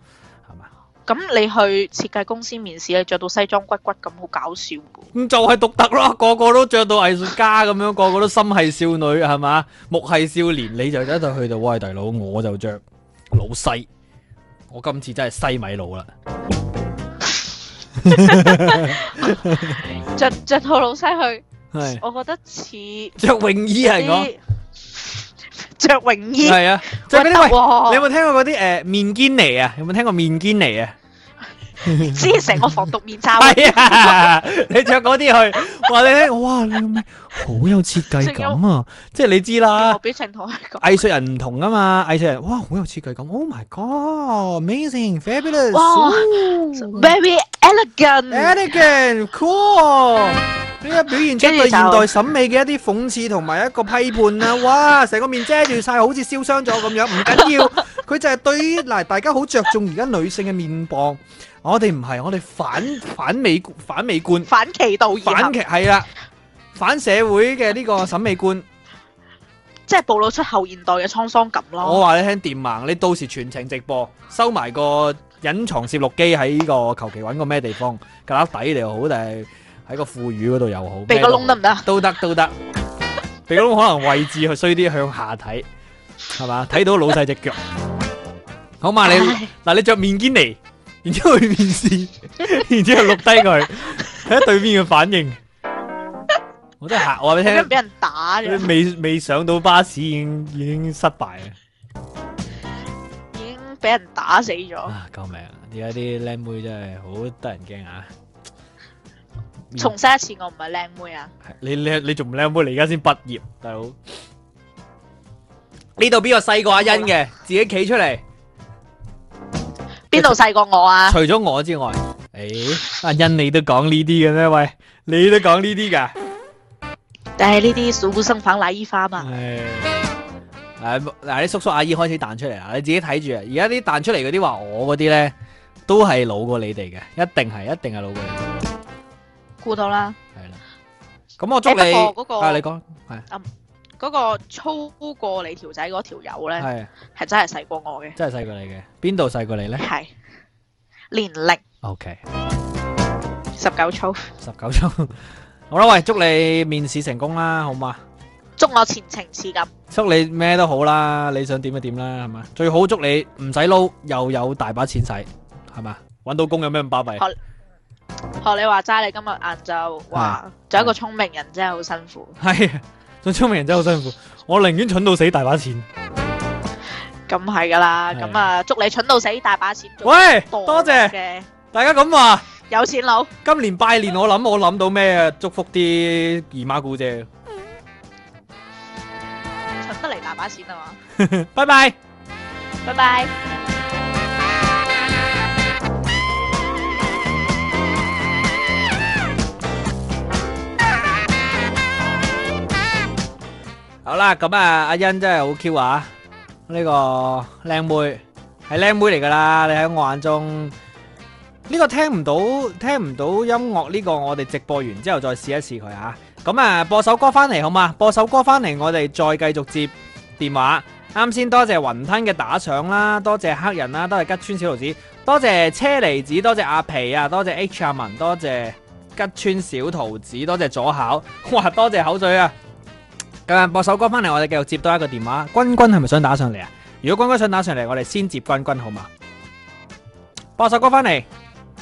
咁你去設計公司面試，你着到西裝骨骨咁，好搞笑嘅。咁就係獨特咯，個個都着到藝術家咁樣，個個都心係少女係嘛，木係少年。你就一就去到，喂大佬，我就着老西。我今次真係西米佬啦，着着套老西去，我覺得似着泳衣係咁，着泳衣係啊。即係嗰啲喂，你有冇聽過嗰啲誒、面堅尼啊？有冇聽過面堅尼啊？知成個防毒面罩啊！ 你着嗰啲去，話你我哇你。 好有設計感啊下！即係你知啦，表情同藝術人唔同啊嘛！藝術人哇，好有設計感！Oh my god，amazing，fabulous，very elegant，elegant，cool。呢個、cool, 表現出對現代審美嘅一啲諷刺同埋一個批判啊！後哇，成 個面遮住晒，好似燒傷咗咁樣，唔緊要。佢 就係對於嗱，大家好着重而家女性嘅面龐。我哋唔係，我哋反反美反美觀，反其道而行，係啦。 反社會嘅呢個審美觀，即係暴露出後現代嘅滄桑感咯。我話你聽電盲，你到時全程直播，收埋個隱藏攝錄機喺呢、這個求其揾個咩地方，架底又好，定係喺個褲語嗰度又好，鼻個窿得唔得？都得都得，鼻個窿可能位置去衰啲，向下睇，係嘛？ 睇到老細隻腳， 好嘛？你嗱唉你着面堅嚟，然之後去面試，然之後錄低佢，睇下 對面嘅反應。我都吓我話你聽，俾人打咗，未未上到巴士，已經已經失敗啦，已經俾人打死咗。啊！救命！而家啲靚妹真係好得人驚啊！重生一次，我唔係靚妹啊！你靚，你仲唔靚妹你？而家先畢業大佬，呢度邊個細過阿欣嘅？自己企出嚟，邊度細過我啊？除咗我之外，誒、 欸，阿欣你都講呢啲嘅咩？喂，你都講呢啲噶？ 就係呢啲小古生粉阿姨花嘛。係，誒、啊，嗱啲叔叔阿姨開始彈出嚟啦，你自己睇住啊。而家啲彈出嚟嗰啲話我嗰啲咧，都係老過你哋嘅，一定係，一定係老過你哋嘅。估到啦。係啦。咁我祝你。欸、那個、啊，你講係。嗰、嗯、那個粗過你條仔嗰條友咧，係係的真係細過我嘅。真係細過你嘅。邊度細過你咧？係年齡。O Okay K。十九粗。十九粗。好啦，喂，祝你面試成功啦，好嘛？祝我前程似錦。祝你咩都好啦，你想點就點啦，係嘛？最好祝你唔使撈，又有大把錢使，係嘛？搵到工有咩咁巴閉？學學你話齋，你今日晏晝話做一個聰明人真係好辛苦。係做聰明人真係好辛苦，我寧願蠢到死大把錢。咁係噶啦，咁啊，祝你蠢到死大把錢。喂，多謝大家咁話。有錢佬，今年拜年我諗我諗到咩？祝福啲姨媽姑姐，出得嚟大把錢啊嘛！拜拜，拜拜。好啦，咁啊，阿欣真係好 Q 啊！呢個靚妹係靚妹嚟噶啦，你喺我眼中。呢個聽唔到，聽唔到音樂呢個，我哋直播完之後再試一試佢啊。咁啊，播首歌翻嚟好嘛？播首歌翻嚟，我哋再繼續接電話。啱先多謝雲吞嘅打賞啦，多謝黑人啦，多謝吉川小桃子，多謝車厘子，多謝阿皮啊，多謝 H 文，多謝吉川小桃子，多謝左考。哇，多謝口水啊！咁啊，播首歌翻嚟，我哋繼續接多一個電話。君君係咪想打上嚟啊？如果君君想打上嚟，我哋先接君君好嘛？播首歌翻嚟。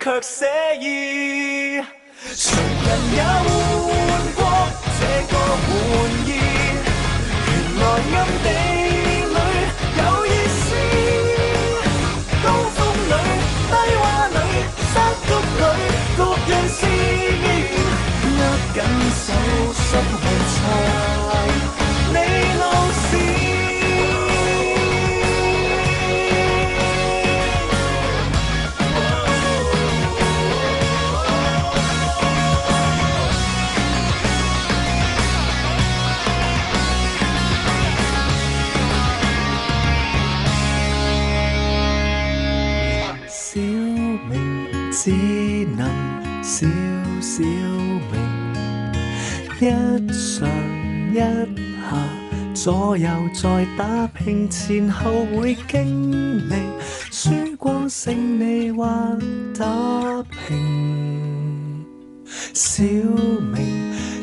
卻寫意，誰人也換過這個玩意？原來暗地裏有意思，高峰裏、低窪裏、山谷裏，各樣詩意，握緊手心去猜你。打拼小明請靜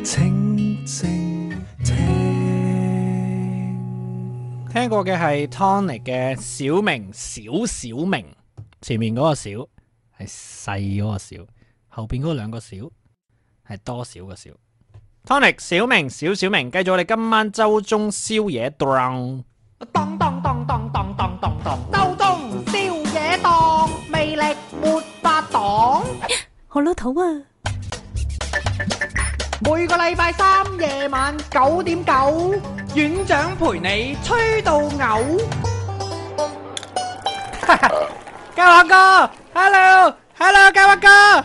聽，聽過嘅係 Tony 嘅小明，小小明，前面嗰個小係細嗰個小，小小後邊嗰兩個小係多少嘅小。Tony、小明、小小明，繼續我哋今晚周中宵夜檔。咚咚咚咚咚咚咚咚，周中宵夜檔魅力沒法擋。好老土啊！每個禮拜三夜晚九點九，院長陪你吹到嘔。嘉華哥，hello，hello，嘉華哥。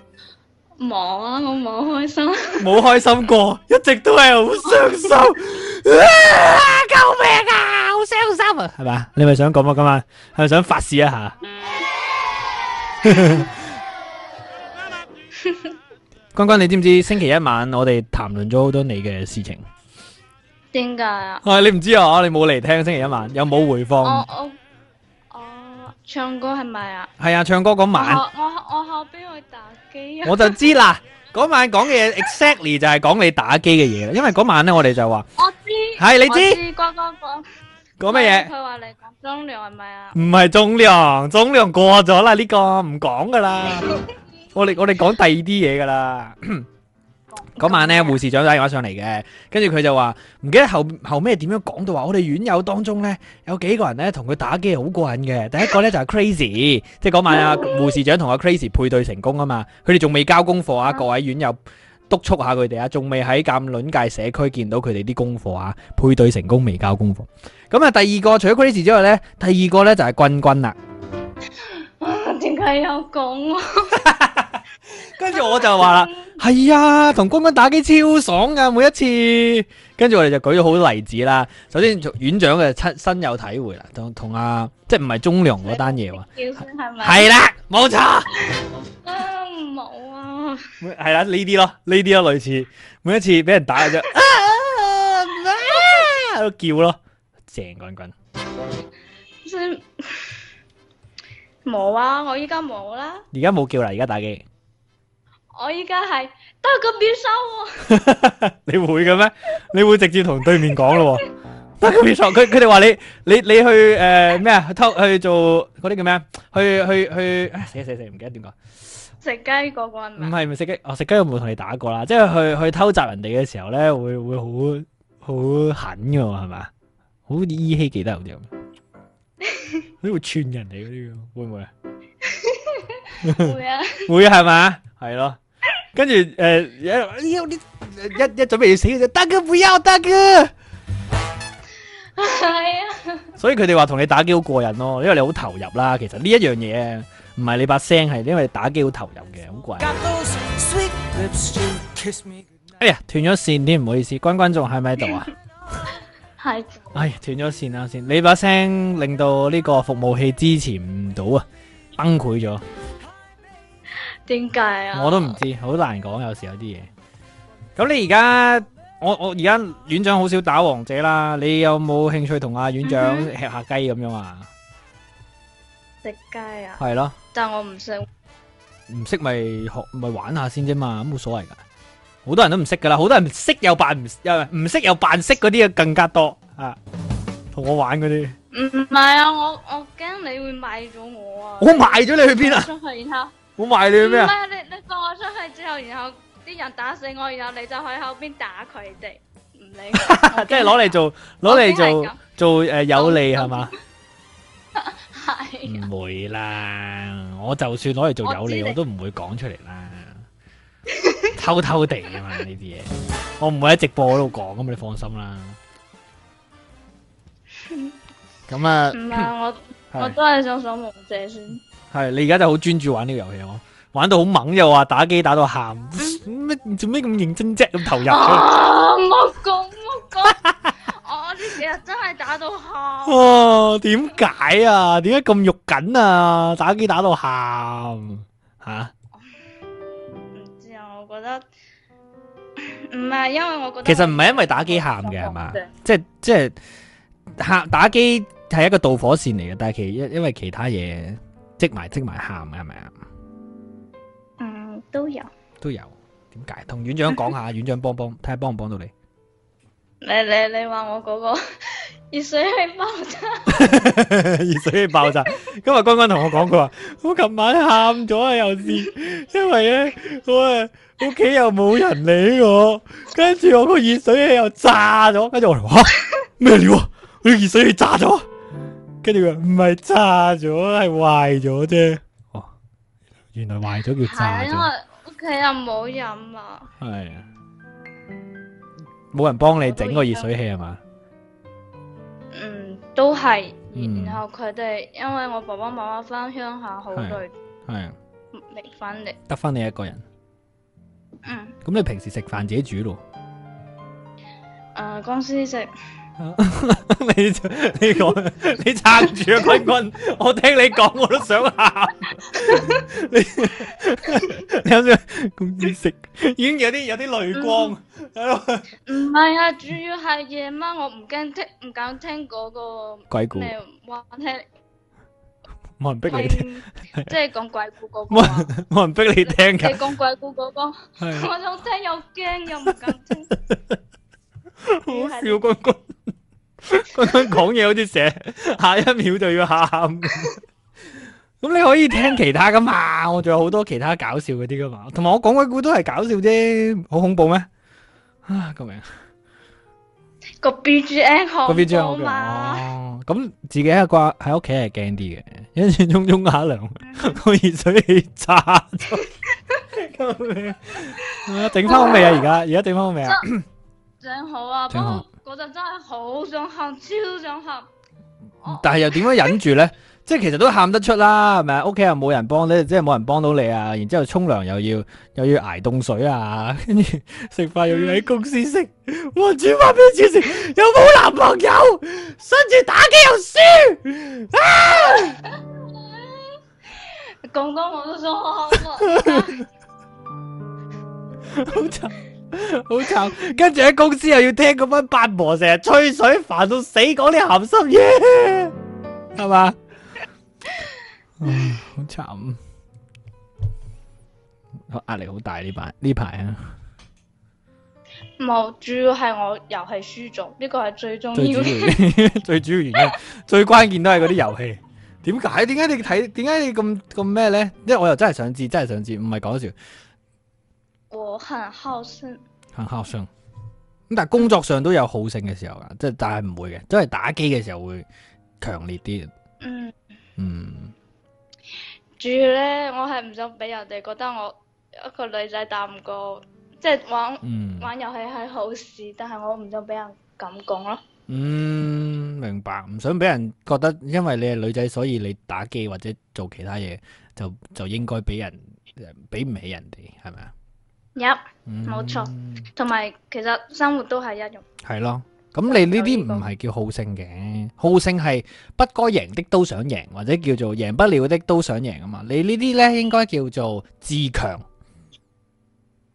忙啊！我冇開心，冇 開心過，一直都係好傷心、 啊。救命啊！好傷心啊！係咪你咪想講啊？今晚，係咪想發洩一下？君君，你知唔知星期一晚我哋談論咗好多你嘅事情？點解啊？係你唔知啊？我哋冇嚟聽星期一晚，有冇回放？唱歌係咪啊？係啊，唱歌嗰晚。我我後邊去打機啊。我就知啦，嗰晚講嘅嘢 exactly 就係講你打機嘅嘢啦。因為嗰晚咧，我哋就話。我知。係你知。我知，瓜瓜講。講乜嘢？佢話你講中量係咪啊？唔係中量，中量過咗啦，呢個唔講噶啦。我哋我哋講第二啲嘢噶啦。嗰晚咧，護士長打電話上嚟嘅，跟住佢就話唔記得後後尾點樣講到話，我哋院友當中咧有幾個人咧同佢打機好過癮嘅。第一個咧就係、是、Crazy， 即係嗰晚啊護士長同阿、啊、Crazy 配對成功啊嘛，佢哋仲未交功課啊，啊各位院友督促下佢哋啊，仲未喺監鄰界社區見到佢哋啲功課啊，配對成功未交功課。咁啊，第二個除咗 Crazy 之外咧，第二個咧就係、是、君君啦。點解有講跟住我就話啦，係啊，同軍軍打機超爽噶，每一次。跟住我哋就舉咗好多例子啦。首先，院長嘅親身有體會啦，同同阿即係唔係中糧嗰單嘢喎，係啦，冇錯。啊，冇啊，係啦呢啲咯，呢啲咯類似，每一次俾人打嘅就 啊啊，啊，啊，叫咯，正軍軍。冇啊，我依家冇啦。而家冇叫啦，而家打機。我依家係得個 u b 你會嘅咩？你會直接同對面講咯 d o u 佢佢哋話你你你去誒咩啊？去偷去做嗰啲叫咩啊？去去去，死死死，唔記得點講。食雞嗰個係咪？唔係咪食雞？哦，食雞我冇同你打過啦。即係去去偷襲人哋嘅時候咧，會會好好狠嘅係嘛？好依稀記得咁樣，你會 串人嚟嗰啲嘅，會唔會， 會啊？ 會啊！會係嘛？係咯，跟住誒，一一一準備要死嘅啫，大哥、啊、唔要，大哥。哎呀，所以佢哋話同你打機好過癮咯，因為你好投入啦。其實呢一樣嘢唔係你把聲係，因為你打機好投入嘅，好怪。 哎呀，斷咗線添，唔好意思，君君仲喺咪度啊？係 的。哎呀，斷咗線啦先，你把聲令到呢個服務器支持唔到啊，崩潰咗。點解啊？我都唔知，好難講。有時有啲嘢咁，你而家我我而家院長好少打王者啦。你有冇興趣同阿院長吃下雞咁樣啊？嗯哼。食雞啊？係咯。但我唔識，唔識咪學咪玩下先啫嘛，咁冇所謂噶。好多人都唔識噶啦，好多人識又扮唔又唔識又扮識嗰啲啊，更加多啊。同我玩嗰啲唔係啊，我我驚你會賣咗我啊！我賣咗你去邊啊？出去看看。好埋亂咩啊？唔係，你你放我出去之後，然後啲人打死我，然後你就喺後邊打佢哋，唔理。即係攞嚟做，攞嚟做做誒有利係嘛？係唔會啦，我就算攞嚟做有利，我都唔會講出嚟啦，偷偷哋啊嘛呢啲嘢，我唔會喺直播嗰度講啊嘛，你放心啦。咁啊，唔係我我都係想上王者先。係你而家就好專注玩呢個遊戲，我玩到好猛又話打機打到喊，做咩咁認真啫咁投入？啊 我？我講我講，我呢幾日真係打到喊。哇！點解啊？點解咁肉緊啊？打機打到喊吓？唔知啊，我覺得唔係，因為我覺得其實唔係因為打機喊嘅係嘛，即係即係喊打機係一個導火線嚟嘅，但係其因因為其他嘢。積埋積埋喊係咪啊？是是嗯，都有，都有。點解？同院長講下， 院長幫幫，睇下幫唔幫到你。你你你話我嗰、嗰個熱水器爆， 爆炸，熱水器爆炸。今日君君同我講，佢話：， 我琴晚喊咗啊，又是，因為咧，我啊屋企又冇人理我，跟住我個熱水器又炸咗，跟住我話咩料啊？我熱、啊、水器炸咗。跟住佢話唔係炸咗，係壞咗啫。哦，原來壞咗叫炸咗。因為屋企又冇飲啊。係啊，冇人幫你整個熱水器啊嘛？嗯，都係。然後佢哋因為我爸爸媽媽翻鄉下好累。係。未翻嚟。得翻你一個人。嗯。咁你平時食飯自己煮咯。誒、呃，公司食。你你講，你撐住啊君君，我聽你講我都想喊，你有啲灰色，已經有啲有啲淚光。唔係啊，主要係夜晚我唔驚聽，唔敢聽嗰個鬼故，冇人聽，冇人逼你聽，即係講鬼故嗰個，冇人逼你聽嘅，你講鬼故嗰個，我想聽又驚又唔敢聽，好笑君君。講嘢好似寫下一秒就要喊，咁你可以聽其他噶嘛？我仲有好多其他搞笑嗰啲噶嘛，同埋我講嗰句都係搞笑啫，好恐怖咩？啊，個名個 B G M 好啊嘛，咁自己一個掛喺屋企係驚啲嘅，一陣沖冲下涼，個熱水器炸咗。咁你整翻好未啊？而家而家整翻好未啊？整好啊！我就真係好想喊，超想喊，oh. 但係又點樣忍住咧？ 即係其實都喊得出啦，係咪？屋企又冇人幫你，即係冇人幫到你啊！然之後沖涼又要又要挨凍水啊，跟住食飯又要喺公司食，我煮飯邊煮食？又冇男朋友，跟住打機又輸，講得我都想喊好慘，跟住喺公司又要聽嗰班八婆成日吹水，煩到死嗰啲咸濕，講啲咸濕嘢，係嘛？嗯，好慘，我壓力好大呢排呢排啊，冇，主要係我遊戲輸咗，呢、呢個係最重要的，最主要原因，最關鍵都係嗰啲遊戲，點解？點解你睇？點解你咁咁咩咧？因為我又真係想知道，真係想知，唔係講笑。我很好勝，很好勝咁，嗯、但係工作上都有好勝嘅時候㗎，即係但係唔會嘅，都係打機嘅時候會強烈啲。嗯嗯，主要咧，我係唔想俾人哋覺得我一個女仔打唔過，即係玩、嗯、玩遊戲係好事，但係我唔想俾人咁講咯。嗯，明白，唔想俾人覺得，因為你係女仔，所以你打機或者做其他嘢，就就應該俾人俾唔起人哋，係咪啊？一，冇錯，yep，同埋，嗯，其實生活都係一樣。係咯，咁你呢啲唔係叫好勝嘅，好勝係不該贏的都想贏，或者叫做贏不了的都想贏啊嘛。你呢啲呢應該叫做自強。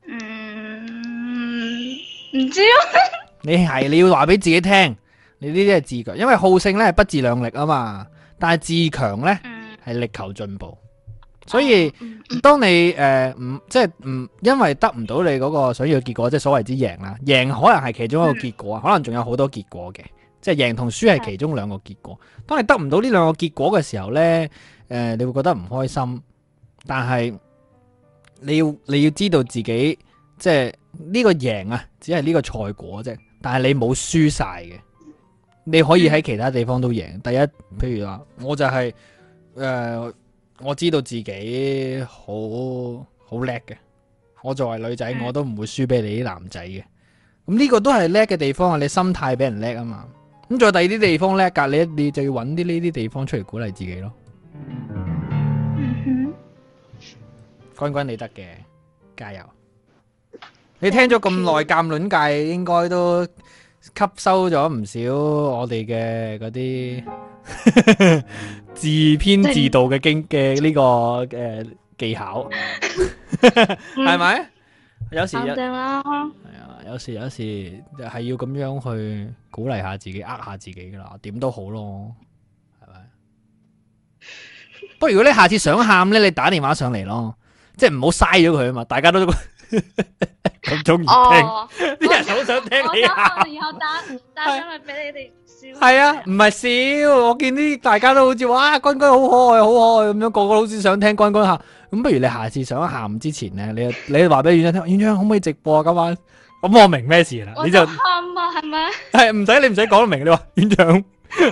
嗯，唔知啊。你係你要話俾自己聽，你呢啲係自強，因為好勝呢係不自量力啊嘛。但係自強呢係力求進步。所以，當你誒唔、呃、即係唔因為得唔到你嗰個想要結果，即係所謂之贏啦，贏可能係其中一個結果啊，可能仲有好多結果嘅，即係贏同輸係其中兩個結果。當你得唔到呢兩個結果嘅時候呢，誒、呃，你會覺得唔開心。但係你要你要知道自己即係呢、這個贏啊，只係呢個賽果啫，但係你冇輸晒嘅，你可以喺其他地方都贏。第一，譬如話，我就係、是、誒。呃我知道自己好好叻嘅，我作為女仔，我都唔會輸俾你啲男仔嘅。咁呢個都係叻嘅地方啊，你心態俾人叻啊嘛。咁再第二啲地方叻噶，你你就要揾啲呢啲地方出嚟鼓勵自己咯。君君、mm hmm. 你得嘅，加油！Okay. 你聽咗咁耐鑒論界，應該都吸收咗唔少我哋嘅嗰啲。 自編自導嘅經嘅呢個嘅技巧，係咪？有時有係啊，嗯、有時有時係要咁樣去鼓勵下自己，呃下自己噶啦，點都好咯，係咪？ 不如如果你下次想喊咧，你打電話上嚟咯，即係唔好嘥咗佢啊嘛，大家都咁中意聽，啲、哦、人好想聽你。然後打打上去俾你哋。係啊，唔係笑，我見啲大家都好似哇君君好可愛，好可愛咁樣，個個老師想聽君君吓，咁不如你下次上下午之前咧，你就你話俾院長聽，院長可唔可以直播今晚？咁我明咩事啦？你就喊啊，係咪？係唔使你唔使講明，你話 院長，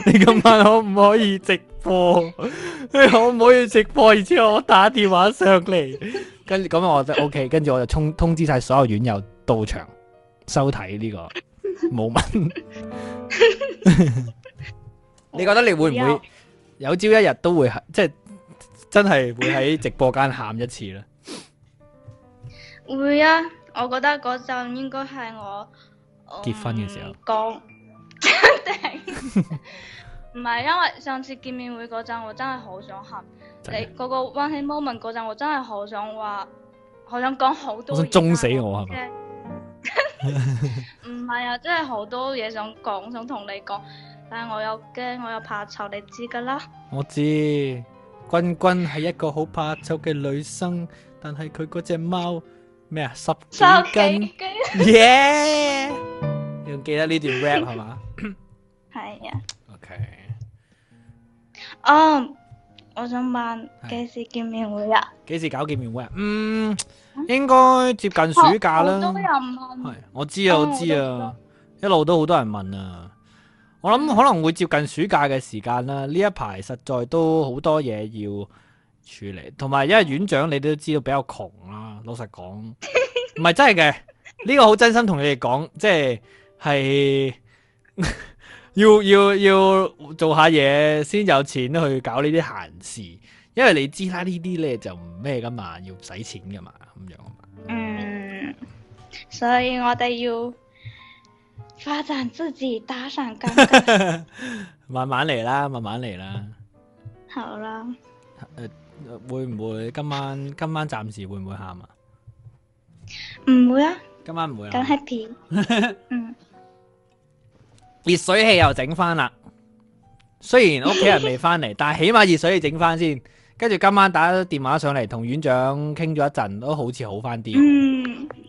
你今晚可唔可以直播？ 可唔可以直播？而且我打電話上嚟，跟住咁我就 O K，跟住我就通通知晒所有院友到場收睇呢個。冇問， 你覺得你會唔會有朝一日都會即係真係會喺直播間喊一次咧？會啊！我覺得嗰陣應該係我、嗯、結婚嘅時候講，唔係 因為上次見面會嗰陣我真係好想喊，的你嗰個温馨 moment 嗰陣我真係好想,想話，好想講好多，想鐘死我係咪？說唔係 啊，真係好多嘢想講，想同你講，但係我又驚，我又怕醜，你知噶啦。我知，君君係一個好怕醜嘅女生，但係佢嗰隻貓咩啊？十幾斤？耶！你 Yeah! 記得呢段 rap 係嘛？係啊。OK。嗯，我想問幾時見面會啊？幾時搞見面會啊？嗯。應該接近暑假啦。哦，係我知啊，我知、嗯、我知啊，知一路都好多人問啊。我諗可能會接近暑假嘅時間啦。呢一排實在都好多嘢要處理，同埋因為院長你都知道比較窮啦，啊，老實講，唔係真係嘅，呢 個好真心同你哋講，即係係要要要做下嘢先有錢去搞呢啲閒事。因為你知啦，呢啲咧就唔咩噶嘛，要使錢噶嘛，咁樣啊嘛。嗯，所以我哋要發展自己打賞，尷 慢慢嚟啦，慢慢嚟啦。好啦。誒、呃，會唔會今晚今晚暫時會唔會喊啊？唔會啊。今晚唔會啊。咁 happy。 嗯、熱水器又整翻啦，雖然屋企人未翻嚟， 但係起碼熱水器整翻先。跟住今晚打電話上嚟，同院長傾咗一陣，都好似好翻啲，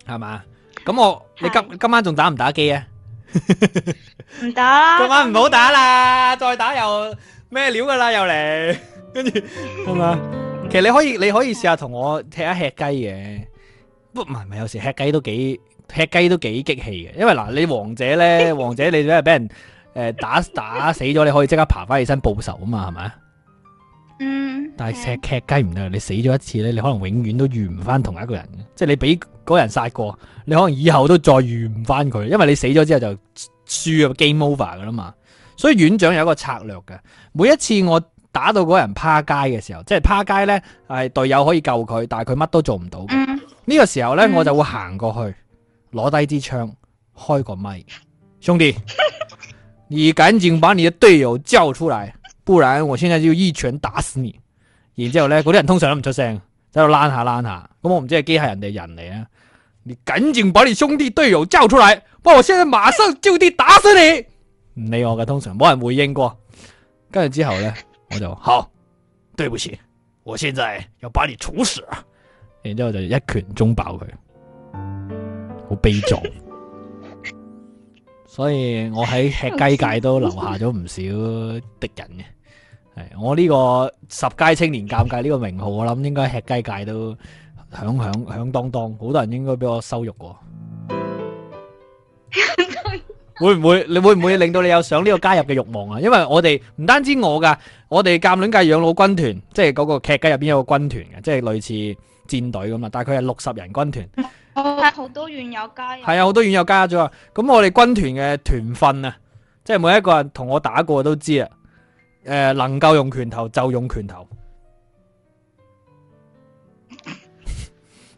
係嘛、嗯？咁我你，是你今今晚仲打唔打機啊？唔 打、啊，今晚唔好打啦，再打又咩料噶啦，又嚟。跟住係嘛？嗯、其實你可以你可以試下同我踢一吃雞嘅，唔係唔係，有時吃雞都幾吃雞都幾激氣嘅，因為嗱你王者咧， 王者你都係俾人誒打打死咗，你可以即刻爬翻起身報仇啊嘛，係咪？嗯，但係石劇雞唔得，你死咗一次咧，你可能永遠都遇唔翻同一個人，即係你俾嗰人殺過，你可能以後都再遇唔翻佢，因為你死咗之後就輸入 game over 噶啦嘛。所以院長有一個策略嘅，每一次我打到嗰人趴街嘅時候，即係趴街呢，係隊友可以救佢，但係佢乜都做唔到。呢、嗯、個時候呢，嗯、我就會行過去攞低支槍，開個咪，兄弟， 你趕緊把你嘅隊友交出嚟。不然我現在要一拳打死你，然之後呢，嗰啲人通常都唔出聲，喺度躝下躝下，咁我唔知係機械人定係人嚟啊！ 你趕緊把你兄弟隊友叫出來，不我現在馬上就地打死你！唔 理我嘅，通常冇人回應過。跟住之後呢，我就 好，對不起，我現在要把你處死， 然之後就一拳中爆佢，好悲壯。 所以我喺吃雞界都留下咗唔少敵人嘅。係我呢個十佳青年尷尬呢個名號，我諗應該吃雞界都響響響當當，好多人應該俾我羞辱過，會唔會？會唔會，你會唔會令到你有想呢個加入嘅欲望啊？因為我哋唔單止我噶，我哋鑒戀界養老軍團，即係嗰個劇雞入邊有個軍團嘅，即係類似戰隊咁嘛。但係佢係六十人軍團，係好多院友加入，係啊，好多院友加入咗。咁我哋軍團嘅團訓啊，即係每一個人同我打過都知啊。誒、呃，能夠用拳頭就用拳頭，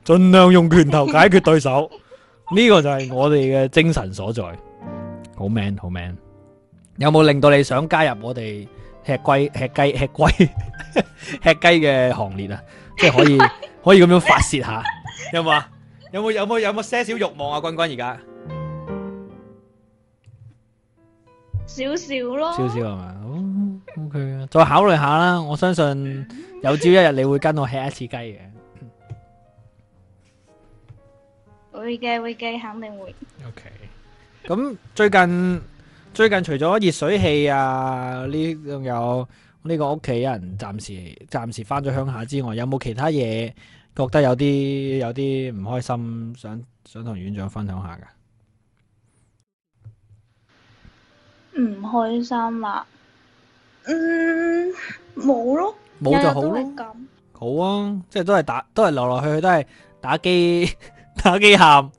盡 量用拳頭解決對手，呢 個就係我哋嘅精神所在。好、 oh、man，好、oh、man，有冇令到你想加入我哋吃雞、吃雞、吃雞、 吃雞嘅行列啊？即係 可以，可以咁樣發洩下。 有冇啊？ 有冇？有冇？有冇些少欲望啊？君君而家？少少咯，少少係嘛？O K 啊，oh, okay. 再考慮下啦。我相信有朝一日你會跟我吃一次雞嘅。會嘅會嘅，肯定會。O K。咁最近最近除咗熱水器啊，呢仲有呢個屋企人暫時暫時翻咗鄉下之外，有冇其他嘢覺得有啲有啲唔開心，想想同院長分享下噶？唔開心啦，啊，嗯，冇咯，冇就好咯，好啊，即係都係打，都係來來去去都係打機，打機喊，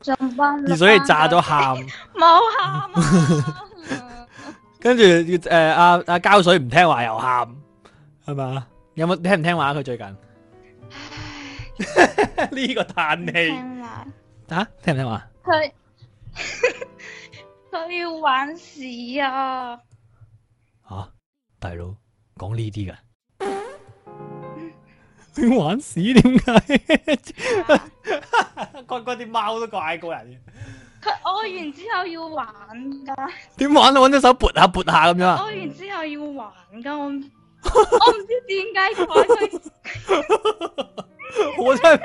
所以幫炸咗喊，冇喊， 啊， 跟住誒阿阿膠水唔聽話又喊，係嘛？有冇聽唔聽話佢，啊、最近？呢 個嘆氣，聽話啊，聽唔聽話？佢是。 佢要玩屎啊！吓、啊，大佬講呢啲嘅，你 玩屎點解？啊、 乖乖，啲貓都怪過人嘅。佢屙完之後要玩噶。點玩啊？搵隻手撥下撥下咁樣。屙完之後要玩噶，我 我唔知點解怪佢。我真係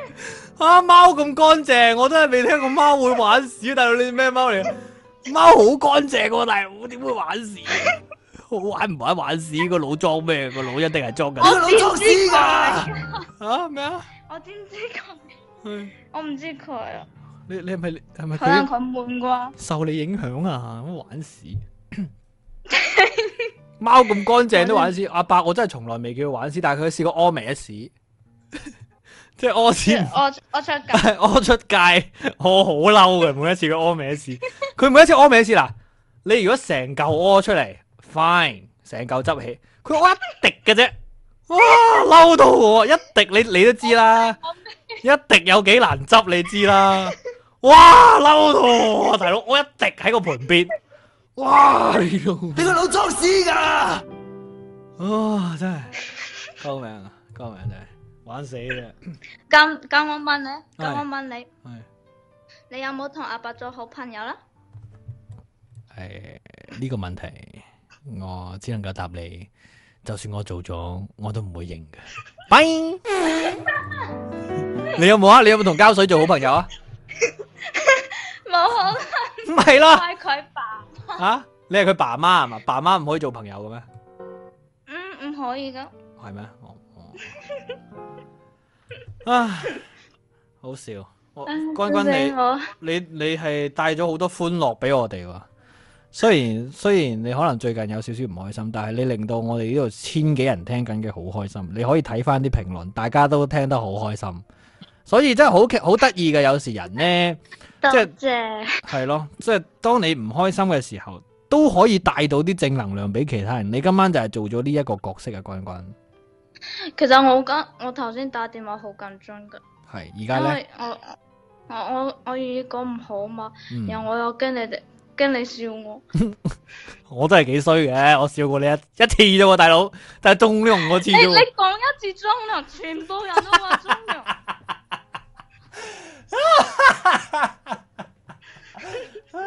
啊，貓咁乾淨，我真係未聽過貓會玩屎、啊。大佬，你咩貓嚟？貓好乾淨喎，但係我點會玩屎？好 玩唔玩玩屎？個腦裝咩？個腦一定係裝緊。我腦裝屎噶，吓咩啊？我知唔是知佢？我唔知佢啊。你你係咪係咪？可能佢悶啩？受你影響啊？乜玩屎？貓咁乾淨都玩屎？阿伯，我真係從來未叫佢玩屎，但係佢試過屙埋一屎。即係屙屎，屙屙出街，屙出街，我好嬲嘅。每一次佢屙咩屎，佢 每一次屙咩屎嗱？你如果成嚿屙出嚟，fine，成嚿執起，佢屙一滴嘅啫。哇，嬲到我，一滴你你都知啦，一滴有幾難執你知啦。哇，嬲到我大佬， 我一滴喺個盆邊，哇，你個老裝屎噶，哇，真係， 救命啊，救命，真係。玩死啦！咁咁，我問你，咁我問你，你有冇同阿伯做好朋友啦？係呢、哎呢個問題，我只能夠答你。就算我做咗，我都唔會認嘅。 你有冇啊？你有冇同膠水做好朋友啊？冇 可能！唔係咯，係佢 爸媽。啊？你係佢爸媽係嘛？爸媽唔可以做朋友嘅咩？嗯，唔可以噶。係咩？Oh. 啊， 好笑！君君你你你係帶咗好多歡樂俾我哋，雖然雖然你可能最近有少少唔開心，但係你令到我哋呢度千幾人聽緊嘅好開心。你可以睇翻啲評論，大家都聽得好開心。所以真係好好得意嘅，有時人呢，即係係咯，即係當你唔開心嘅時候，都可以帶到啲正能量俾其他人。你今晚就係做咗呢一個角色啊，君君。其實我今我頭先打電話好緊張㗎，係而家因為我我我我，我語言講唔好嘛，嗯、然後我又驚你哋驚你笑我， 我都係幾衰嘅，我笑過你一一次啫喎，大佬，但係中良我一次啫。你講一次中良，全部人都話中良，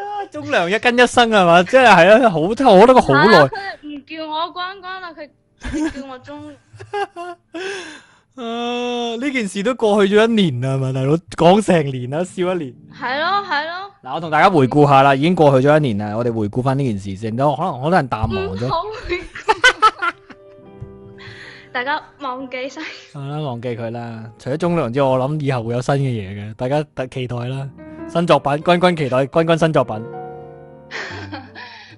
中良一斤一生係嘛，即係係啊，好我都講好耐。佢唔叫我關關啦，佢叫我中。 啊！呢件事都過去咗一年啦，係咪大佬講成年啦，笑一年。係咯，係咯。嗱，我同大家回顧下啦，已經過去咗一年啦，我哋回顧翻呢件事先，都可能好多人淡忘咗。 大家忘記晒。係啦、 啊，忘記佢啦。除咗中梁之外，我諗以後會有新嘅嘢嘅，大家期待啦。新作品，君君期待君君新作品。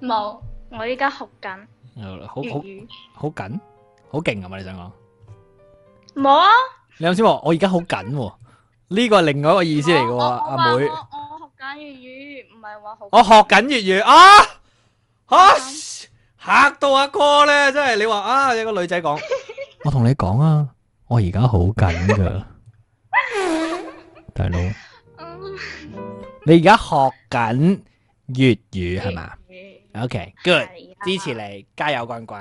冇， 我依家學緊粵語，好緊。好勁啊嘛？你想講？冇啊！你頭先話，我而家好緊喎，呢個係另外一個意思嚟嘅喎，阿妹。我我學緊粵語，唔係話好緊。我學緊粵語啊！吓、啊、吓到阿哥咧，真係你話啊！有個女仔講， 我同你講啊，我而家好緊噶，大佬。 你而家學緊粵語係咪？OK，good，支持你，加油，君君。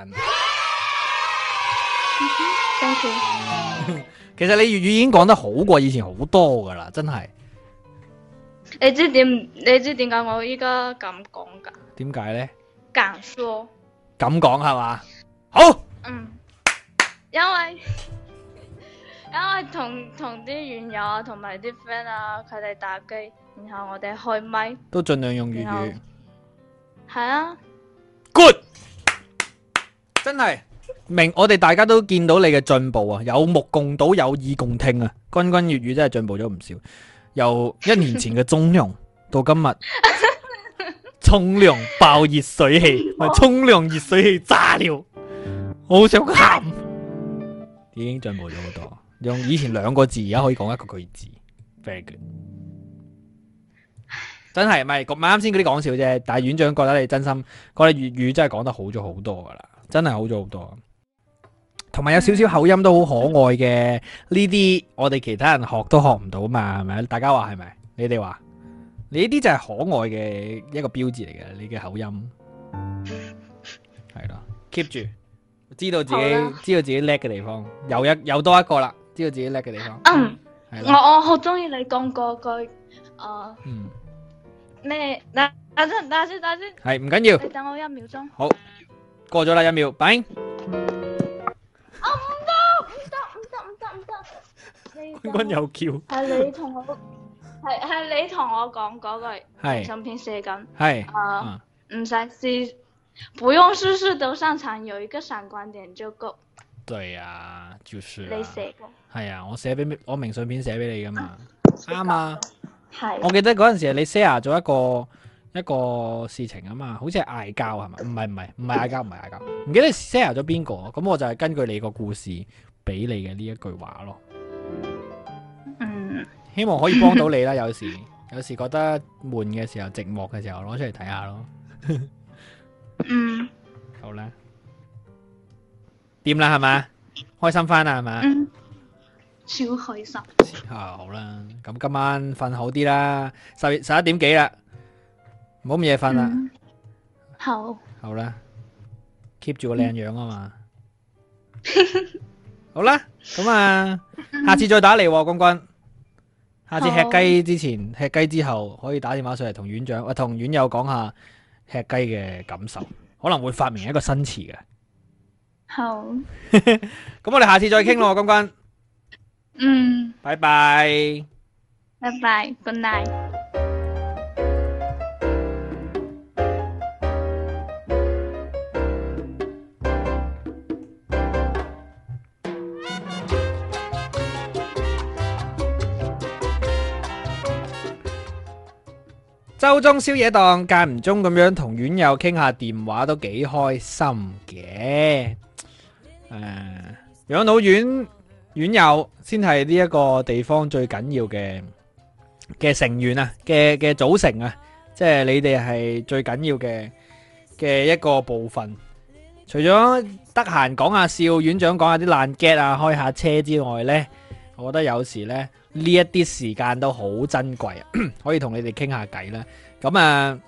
Thank you. 其實你粵語，語已經講得好過以前好多噶啦，真係。你知點？你知點解我依家咁講噶？點解咧？咁說。咁講係嘛？好。嗯。因為因為同同啲院友啊，同埋啲 friend 啊，佢哋打機，然後我哋開麥。都盡量用粵語。係啊。Good 真。真係。明我哋大家都見到你嘅進步啊，有目共睹，有耳共聽啊！君君粵語真係進步咗唔少，由一年前嘅中庸 到今日沖涼爆熱水器，沖涼熱水器炸了，好想喊！ 已經進步咗好多，用以前兩個字而家可以講一個句子 very good，真係唔係咁啱先嗰啲講笑啫，但係院長覺得你真心，覺得粵語真係講得好咗好多噶啦，真係好咗好多。同埋有少少口音都好可愛嘅呢啲，我哋其他人學都學唔到嘛，係咪？大家話係咪？你哋話？你呢啲就係可愛嘅一個標誌嚟嘅，你嘅口音係啦，keep 住，知道自己吧知道自己叻嘅地方，又一又多一個啦，知道自己叻嘅地方。嗯、的我我好中意你講嗰句，誒、呃，咩、嗯？嗱，等等，等等，係唔緊要，你等我一秒鐘。好，過咗啦，一秒拜唔得唔得唔得唔得唔得！你君君又叫係你同我係係你同我講嗰句。明信片寫緊係啊，唔使試，不用事事都擅長，有一個閃光點就夠。對啊，就算、是、你寫係啊，我寫俾我明信片寫俾你㗎嘛啱啊，係、啊、是我記得嗰陣時你 share 咗一個。一個事情啊嘛，好似係嗌交係嘛？唔係唔係唔係嗌交唔係嗌交，唔記得你 share 咗邊個，咁我就係根據你個故事俾你嘅呢一句話咯。嗯，希望可以幫到你啦。有時 有時覺得悶嘅時候，寂寞嘅時候，攞出嚟睇下咯。 嗯，好啦，掂啦係咪？開心翻啦係咪？超開心。好啦，咁今晚瞓好啲啦，十十一點幾啦。唔好咁夜瞓啦，好，好啦，keep 住個靚樣啊嘛，好啦，咁啊，下次再打嚟，軍軍，下次吃雞之前、吃雞之後可以打電話上嚟同院長啊同院友講下吃雞嘅感受，可能會發明一個新詞嘅，好，咁我哋下次再傾咯，軍軍，嗯，拜拜，拜拜，good night。周中宵夜檔，間唔中咁樣同院友傾下電話都幾開心嘅。誒，養老院院友先係呢一個地方最緊要嘅嘅成員啊，嘅嘅組成啊，即係你哋係最緊要嘅嘅一個部分。除咗得閒講下笑，院長講下啲爛 gag 啊，開下車之外呢，我覺得有時呢。呢一啲時間都好珍貴啊， 可以同你哋傾下偈啦。咁啊，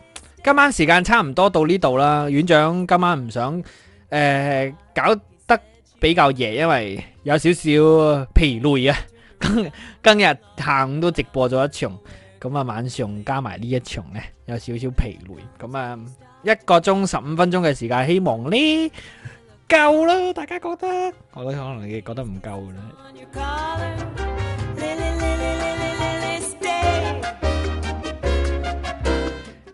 今晚時間差唔多到呢度啦。院長今晚唔想誒、呃、搞得比較夜，因為有少少疲累啊。 今日下午都直播咗一場，咁啊晚上加埋呢一場呢，有少少疲累。咁啊一個鐘十五分鐘嘅時間，希望呢夠啦。大家覺得我覺得可能你覺得唔夠啦。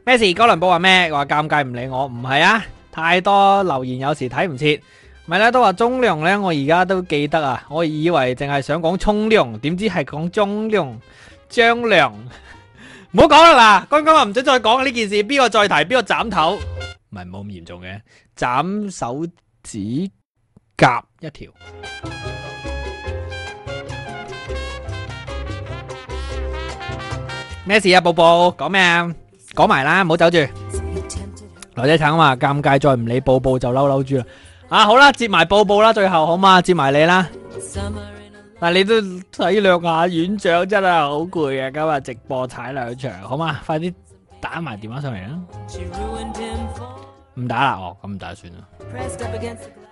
咩事？哥倫布話咩？話尷尬唔理我，唔係啊！太多留言有時睇唔切，咪咧都話中量咧。我而家都記得啊！我以為淨係想講沖涼，點知係講中量張良。唔好講啦嗱，剛剛話唔准再講呢件事，邊個再提邊個斬頭。唔係冇咁嚴重嘅，斬手指甲一條。咩事啊？寶寶講咩啊？講埋啦，唔好走住。來仔請啊，尷 尬，再唔理步步就嬲嬲豬啦。啊，好啦，接埋步步啦，最後好嘛？接埋你啦。嗱、啊，你都體諒下院長真係好攰啊，今日直播踩兩場，好嘛？快啲打埋電話上嚟啊！唔打啦，哦，咁唔打算啦。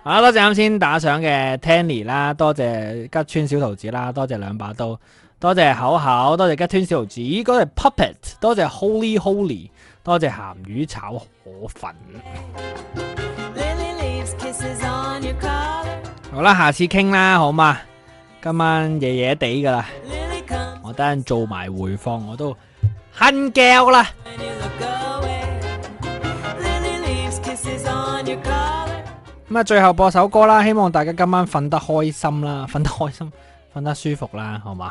好，多謝啱先打賞嘅 Tanny 啦，多謝吉川小桃子啦，多謝兩把刀。多謝口口，多謝吉 e 小子，多謝 puppet，多謝 holy holy，多謝鹹魚炒河粉。好啦，下次傾啦，好嘛？今晚夜夜地噶啦，我等陣做埋回放，我都瞓覺啦。咁啊， 最後播首歌啦，希望大家今晚瞓得開心啦，瞓得開心，瞓得舒服啦，好嘛？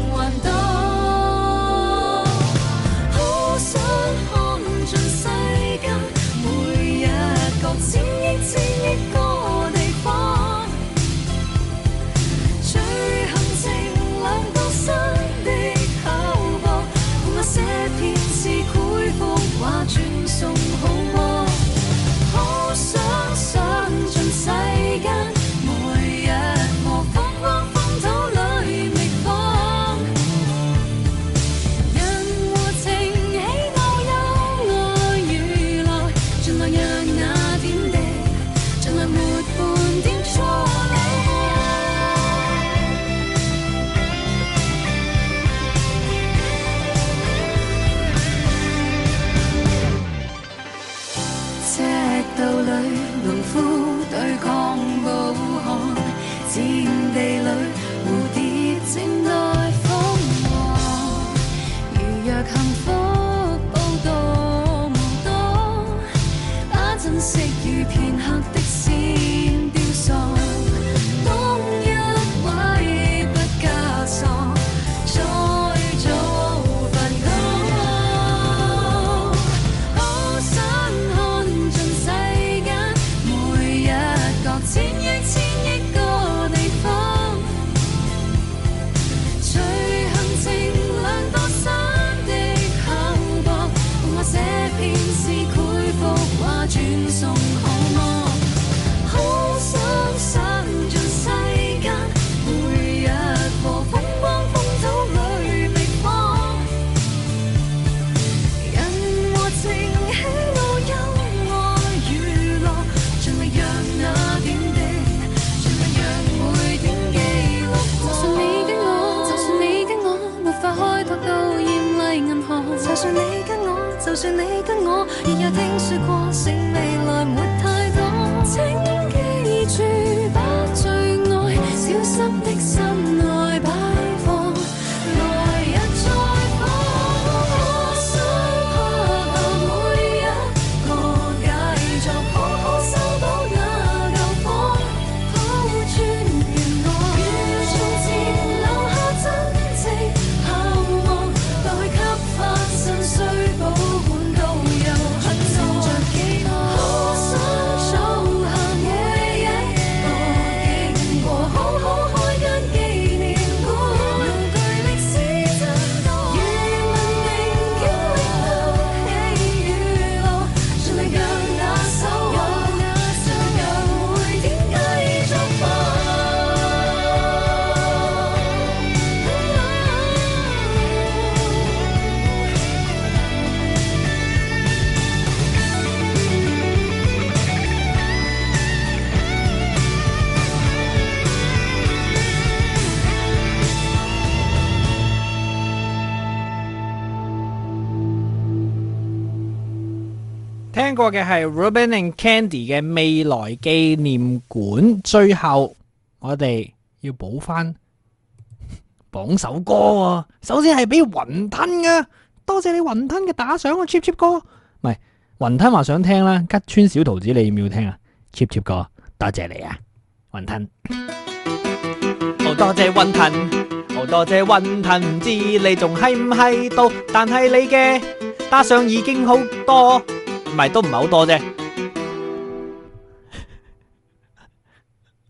過嘅係 Robin and Candy 嘅未來紀念館，最後我哋要補翻榜首歌喎。首先係俾雲吞噶，多謝你雲吞嘅打賞啊！cheap cheap 哥，唔係雲吞話想聽啦，吉川小桃子你要唔要聽啊？cheap cheap 哥，多謝你啊，雲吞。好多謝雲吞，好多謝雲吞，唔知 there, 你仲係唔係到，但係你嘅打賞已經好多。唔係都唔係好多啫，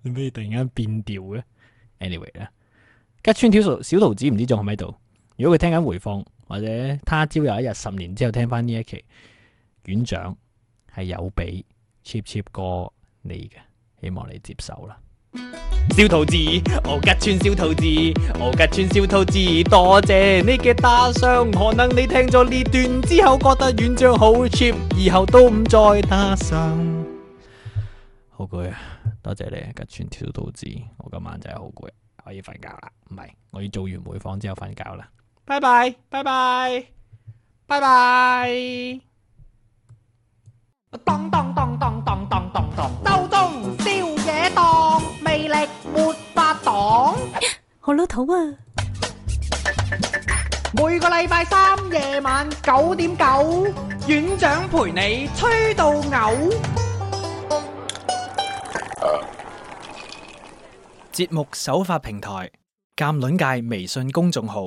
點解 突然間變調嘅？Anyway 咧，吉川小桃子唔知仲喺唔喺度？如果佢聽緊回放，或者他朝有一日十年之後聽翻呢一期，院長係有俾 cheap cheap 過你嘅，希望你接受啦。小兔子，我吉川小兔子，我吉川小兔子，多謝你嘅打賞，可能你聽咗呢段之後覺得院長好 cheap，以後都唔再打賞。好攰啊，多謝你吉川小兔子，我今晚真係好攰，可以瞓覺啦。唔係，我要做完每房之後瞓覺啦。拜拜，拜拜，拜拜。.沒發黨，我老土啊！每個禮拜三夜晚九點九，院長陪你吹到嘔。節目首發平台：鑒卵界微信公眾號。